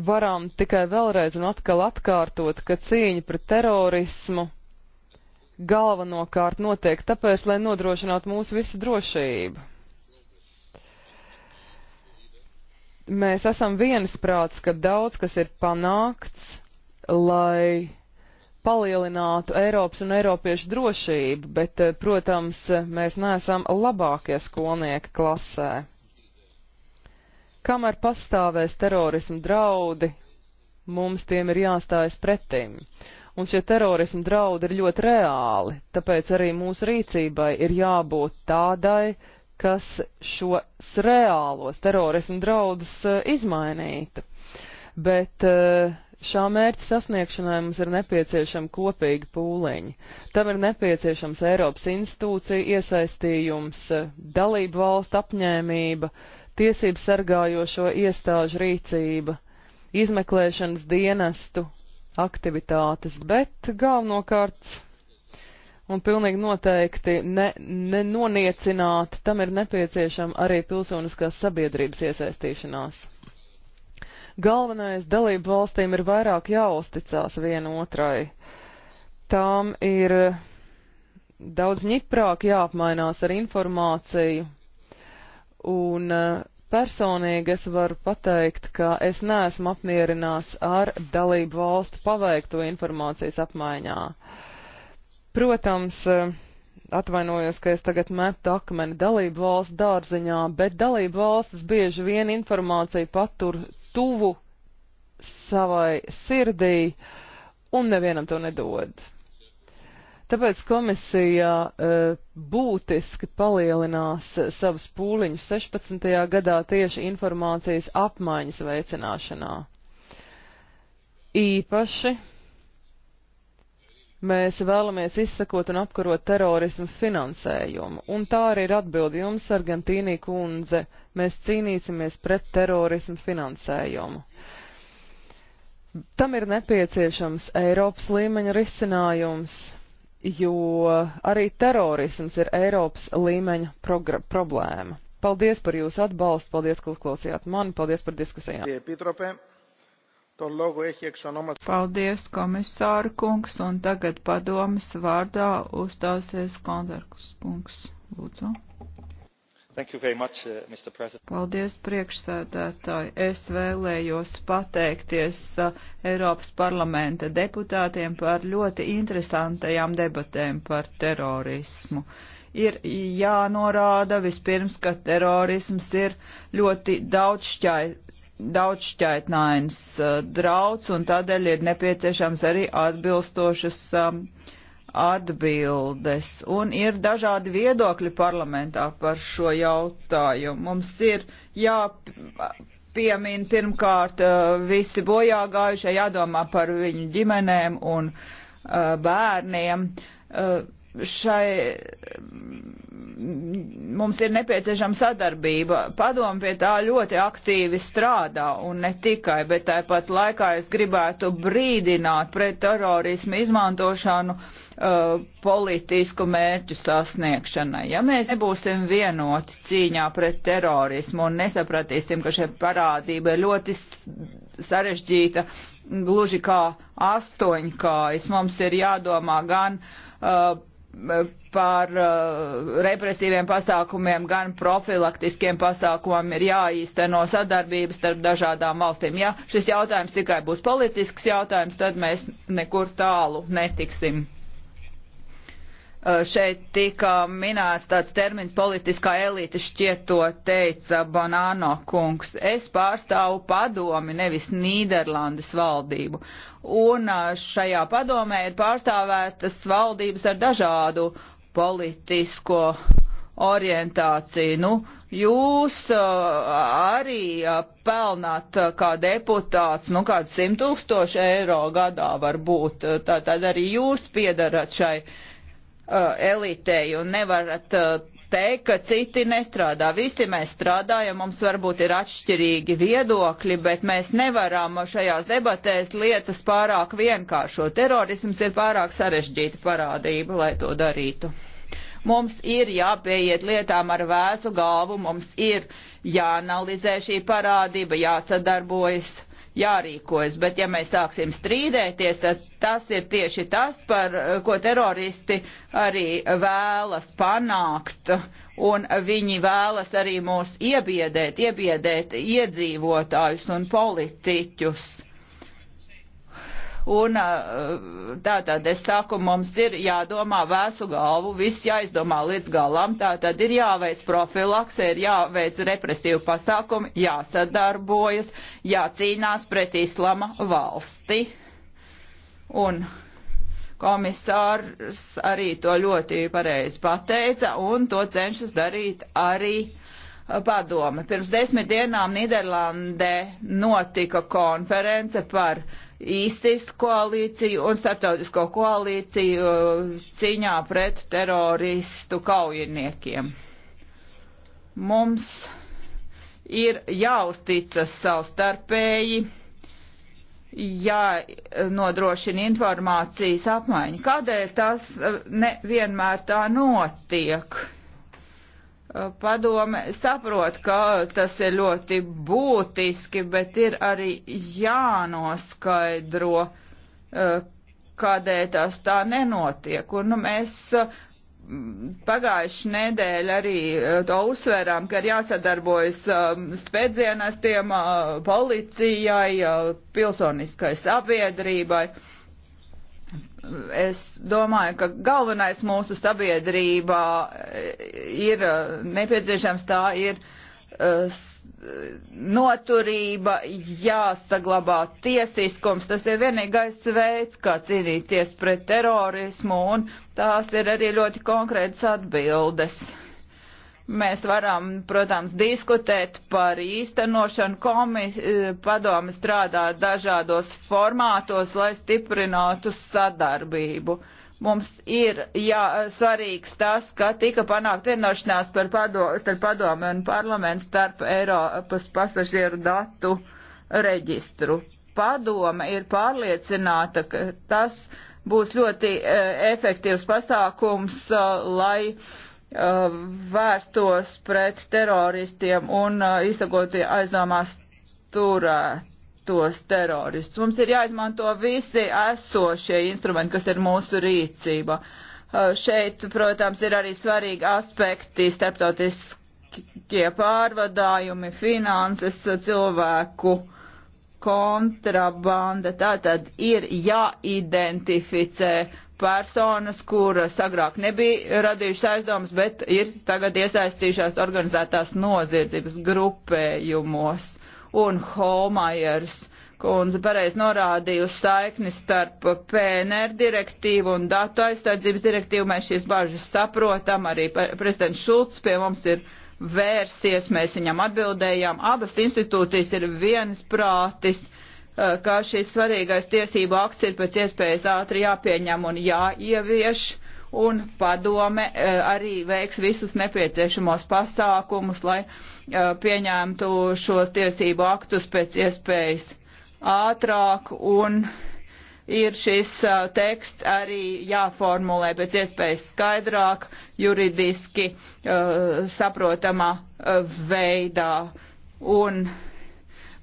varam tikai vēlreiz un atkal atkārtot, ka cīņa pret terorismu galvenokārt notiek tāpēc, lai nodrošinātu mūsu visu drošību. Mēs esam viensprāts, ka daudz kas ir panākts, lai palielinātu Eiropas un Eiropiešu drošību, bet, eh, protams, mēs neesam labākie skolnieki klasē. Kamēr pastāvēs terorismu draudi, mums tiem ir jāstājas pretim. Un šie terorismu draudi ir ļoti reāli, tāpēc arī mūsu rīcībai ir jābūt tādai, kas šos reālos terorismu draudus eh, izmainītu. Bet eh, šā mērķa sasniegšanai mums ir nepieciešama kopīga pūliņa. Tam ir nepieciešams Eiropas institūcija iesaistījums, eh, dalību valstu apņēmība, uh, tiesību sargājošo iestāžu rīcība, izmeklēšanas dienestu aktivitātes, bet galvenokārt un pilnīgi noteikti ne, nenoniecināt, tam ir nepieciešama arī pilsoniskās sabiedrības iesaistīšanās. Galvenais dalību valstīm ir vairāk jāuzticās vienotrai. Tām ir daudz ņiprāk jāapmainās ar informāciju, Un eh, personīgi es varu pateikt, ka es neesmu apmierināts ar dalību valstu paveikto informācijas apmaiņā. Protams, eh, atvainojos, ka es tagad metu akmeni dalību valstu dārziņā, bet dalību valstis bieži vien informāciju patur tuvu savai sirdī un nevienam to nedod. Tāpēc komisija eh, būtiski palielinās eh, savus pūliņus 16. gadā tieši informācijas apmaiņas veicināšanā. Īpaši mēs vēlamies izsakot un apkarot terorismu finansējumu. Un tā arī ir atbildi jums, Argentīnī kundze. Mēs cīnīsimies pret terorismu finansējumu. Tam ir nepieciešams Eiropas līmeņa risinājums jo arī terorisms ir Eiropas līmeņa problēma. Paldies par jūsu atbalstu, paldies, ka uzklausījāt mani, paldies par diskusijām. Paldies, komisāra kungs, un tagad padomas vārdā uzstāsies Kondarkus kungs. Lūdzu. Much, uh, Paldies, priekšsēdētāji. Es vēlējos pateikties uh, Eiropas parlamenta deputātiem par ļoti interesantajām debatēm par terorismu. Ir jānorāda vispirms, ka terorisms ir ļoti daudzšķaitnains daudz uh, drauds, un tādēļ ir nepieciešams arī atbilstošas. Um, atbildes. Un ir dažādi viedokļi parlamentā par šo jautājumu. Mums ir jāpiemina pirmkārt uh, visi bojā gājušie, jādomā par viņu ģimenēm un uh, bērniem. Uh, šai mums ir nepieciešama sadarbība. Padomu pie tā ļoti aktīvi strādā un ne tikai, bet tāpat laikā es gribētu brīdināt pret terorismu izmantošanu uh, uh, politisku mērķu sasniegšanai. Ja mēs nebūsim vienoti cīņā pret terorismu un nesapratīsim, ka šie parādība ir ļoti sarežģīta, gluži kā astoņkājas, mums ir jādomā gan uh, par uh, represīviem pasākumiem, gan profilaktiskiem pasākumiem ir jāīsteno sadarbības starp dažādām valstīm. Ja šis jautājums tikai būs politisks jautājums, tad mēs nekur tālu netiksim. Eh, šeit tika minēts tāds termins politiskā elīte šķieto teica Banāno kungs. Es pārstāvu padomi, nevis Nīderlandes valdību. Un eh, šajā padomē ir pārstāvētas valdības ar dažādu politisko orientāciju. Nu, jūs eh, arī pelnāt kā deputāts, nu, kāds simt tūkstoši eiro gadā var būt. Tātad arī jūs piedarat šai Uh, elitei un nevarat uh, teikt, ka citi nestrādā. Visi mēs strādājam, mums varbūt ir atšķirīgi viedokļi, bet mēs nevaram šajās debatēs lietas pārāk vienkāršo. Terorisms ir pārāk sarežģīta parādība, lai to darītu. Mums ir jāpieiet lietām ar vēsu galvu, mums ir jāanalizē šī parādība, jāsadarbojas jārīkojas, bet ja mēs sāksim strīdēties, tad tas ir tieši tas, par ko teroristi arī vēlas panākt, un viņi vēlas arī mūs iebiedēt, iebiedēt iedzīvotājus un politiķus Un tātad es saku, mums ir jādomā vēsu galvu, viss jāizdomā līdz galam, tātad ir jāveic profilakse, ir jāveic represīvu pasākumu, jāsadarbojas, jācīnās pret islama valsti. Un komisārs arī to ļoti pareizi pateica, un to cenšas darīt arī padome. Pirms desmit dienām Nīderlandē notika konference par ISIS koalīciju un starptautisko koalīciju uh, cīņā pret teroristu kaujiniekiem. Mums ir jāuzticas savstarpēji, jānodrošina informācijas apmaiņa. Kādēļ tas uh, nevienmēr tā notiek? Eh, padome saprot, ka tas ir ļoti būtiski, bet ir arī jānoskaidro, eh, kādēļ tas tā nenotiek. Un nu, mēs eh, pagājuši nedēļa arī to uzsvērām, ka ir jāsadarbojas spēdzienestiem, policijai, pilsoniskai sabiedrībai. Es domāju, ka galvenais mūsu sabiedrībā eh, ir eh, nepieciešams tā ir eh, noturība, jāsaglabā tiesiskums. Tas ir vienīgais veids, kā cīnīties pret terorismu, un tās ir arī ļoti konkrētas atbildes. Mēs varam, protams, diskutēt par īstenošanu. Komi, eh, padomi strādā dažādos formātos, lai stiprinātu sadarbību. Mums ir jā, svarīgs tas, ka tika panākt vienošanās par padomu, starp padomu un parlamentu starp Eiropas pasažieru datu reģistru. Padome ir pārliecināta, ka tas būs ļoti e, efektīvs pasākums, eh, lai Uh, vērstos pret teroristiem un uh, izsakotie aizdomās turētos teroristus. Mums ir jāizmanto visi esošie instrumenti, kas ir mūsu rīcība. Uh, šeit, protams, ir arī svarīgi aspekti starptautiskie pārvadājumi, finanses, cilvēku kontrabanda. Tātad ir jāidentificē personas, kuras agrāk nebija radījušas aizdomas, bet ir tagad iesaistījušās organizētās noziedzības grupējumos. Un Holmajers kundze pareiz norādīja uz saikni starp PNR direktīvu un datu aizsardzības direktīvu. Mēs šīs bažas saprotam, arī prezidents Šulcs pie mums ir vērsies, mēs viņam atbildējām. Abas institūcijas ir vienas prātis. Uh, Eh, ka šis svarīgais tiesību akts ir pēc iespējas ātri jāpieņem un jāievieš, un padome eh, arī veiks visus nepieciešamos pasākumus, lai eh, pieņemtu šos tiesību aktus pēc iespējas ātrāk un ir šis teksts arī jāformulē pēc iespējas skaidrāk, juridiski saprotamā veidā. Un uh,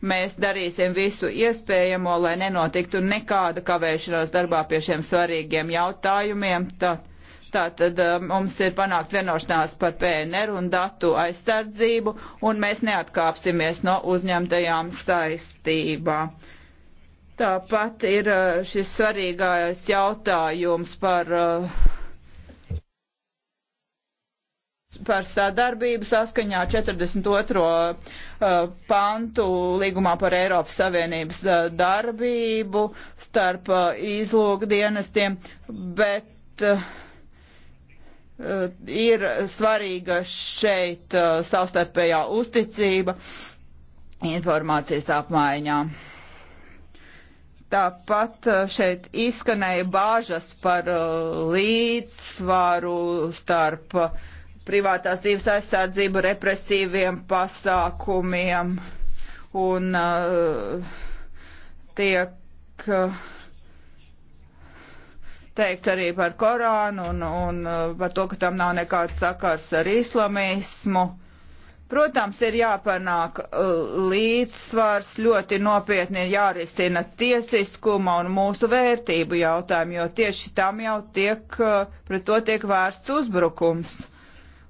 Mēs darīsim visu iespējamo, lai nenotiktu nekāda kavēšanās darbā pie šiem svarīgiem jautājumiem. Tā, Tātad eh, mums ir panākt vienošanās par PNR un datu aizsardzību, un mēs neatkāpsimies no uzņemtajām saistībām. Tāpat ir eh, šis svarīgais jautājums par uh, par sadarbību saskaņā 42. Uh, pantu līgumā par Eiropas Savienības uh, darbību starp uh, izlūkdienestiem, bet ir svarīga šeit savstarpējā uzticība informācijas apmaiņā. Tāpat šeit izskanēja bāžas par līdzsvaru starp uh, privātās dzīves aizsardzību, represīviem pasākumiem un uh, tiek uh, teikts arī par Korānu un, un uh, par to, ka tam nav nekāds sakars ar islamismu. Protams, ir jāpanāk uh, līdzsvars, ļoti nopietni ir jārisina tiesiskuma un mūsu vērtību jautājumi, jo tieši tam jau tiek, uh, pret to tiek vērsts uzbrukums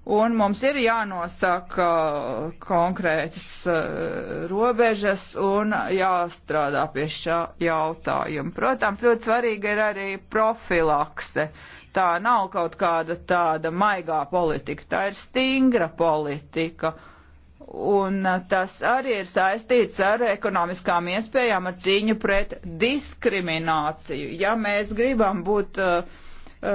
un mums ir jānosaka konkrētas eh, robežas un jāstrādā pie šā jautājuma. Protams, ļoti svarīga ir arī profilakse. Tā nav kaut kāda tāda maigā politika, tā ir stingra politika. Un tas arī ir saistīts ar ekonomiskām iespējām, ar cīņu pret diskrimināciju. Ja mēs gribam būt uh, Uh,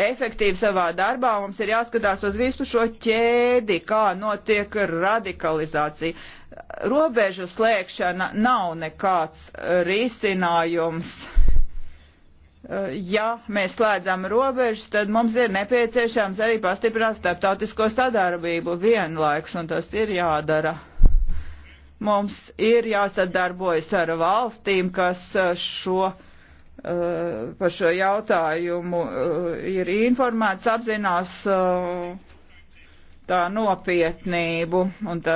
efektīvi savā darbā, mums ir jāskatās uz visu šo ķēdi, kā notiek radikalizācija. Robežu slēgšana nav nekāds risinājums. Uh, ja mēs slēdzam robežas, tad mums ir nepieciešams arī pastiprināt starptautisko sadarbību vienlaiks, un tas ir jādara. Mums ir jāsadarbojas ar valstīm, kas uh, šo uh, Eh, par šo jautājumu eh, ir informēts, apzinās eh, tā nopietnību un tā.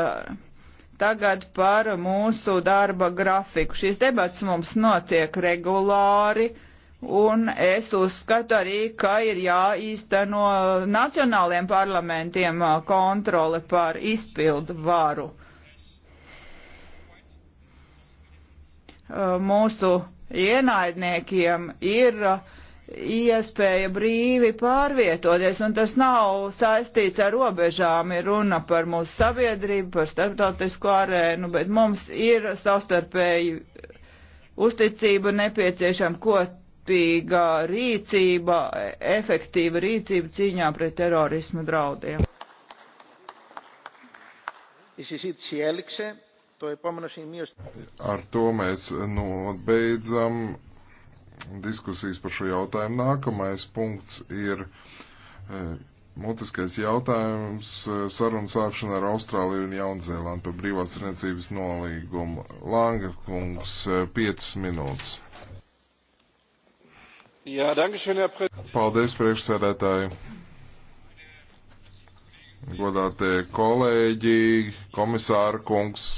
Tagad par mūsu darba grafiku. Šīs debats mums notiek regulāri, un es uzskatu arī, ka ir jāīsteno nacionāliem parlamentiem kontrole par izpildu varu. Mūsu ienaidniekiem ir uh, iespēja brīvi pārvietoties, un tas nav saistīts ar robežām, ir runa par mūsu sabiedrību, par starptautisko arēnu, bet mums ir savstarpēji uzticība nepieciešama kopīga rīcība, efektīva rīcība cīņā pret terorismu draudiem. Η συζήτηση έληξε. Ar to mēs nobeidzam diskusijas par šo jautājumu. Nākamais punkts ir e, mutiskais jautājums e, sarunu sākšana ar Austrāliju un Jaunzēlandu par brīvās rīcības nolīgumu. Langa kungs, 5 e, minūtes. Jā, dankšen, jā, Paldies, priekšsēdētāji. Godātie kolēģi, komisāra kungs,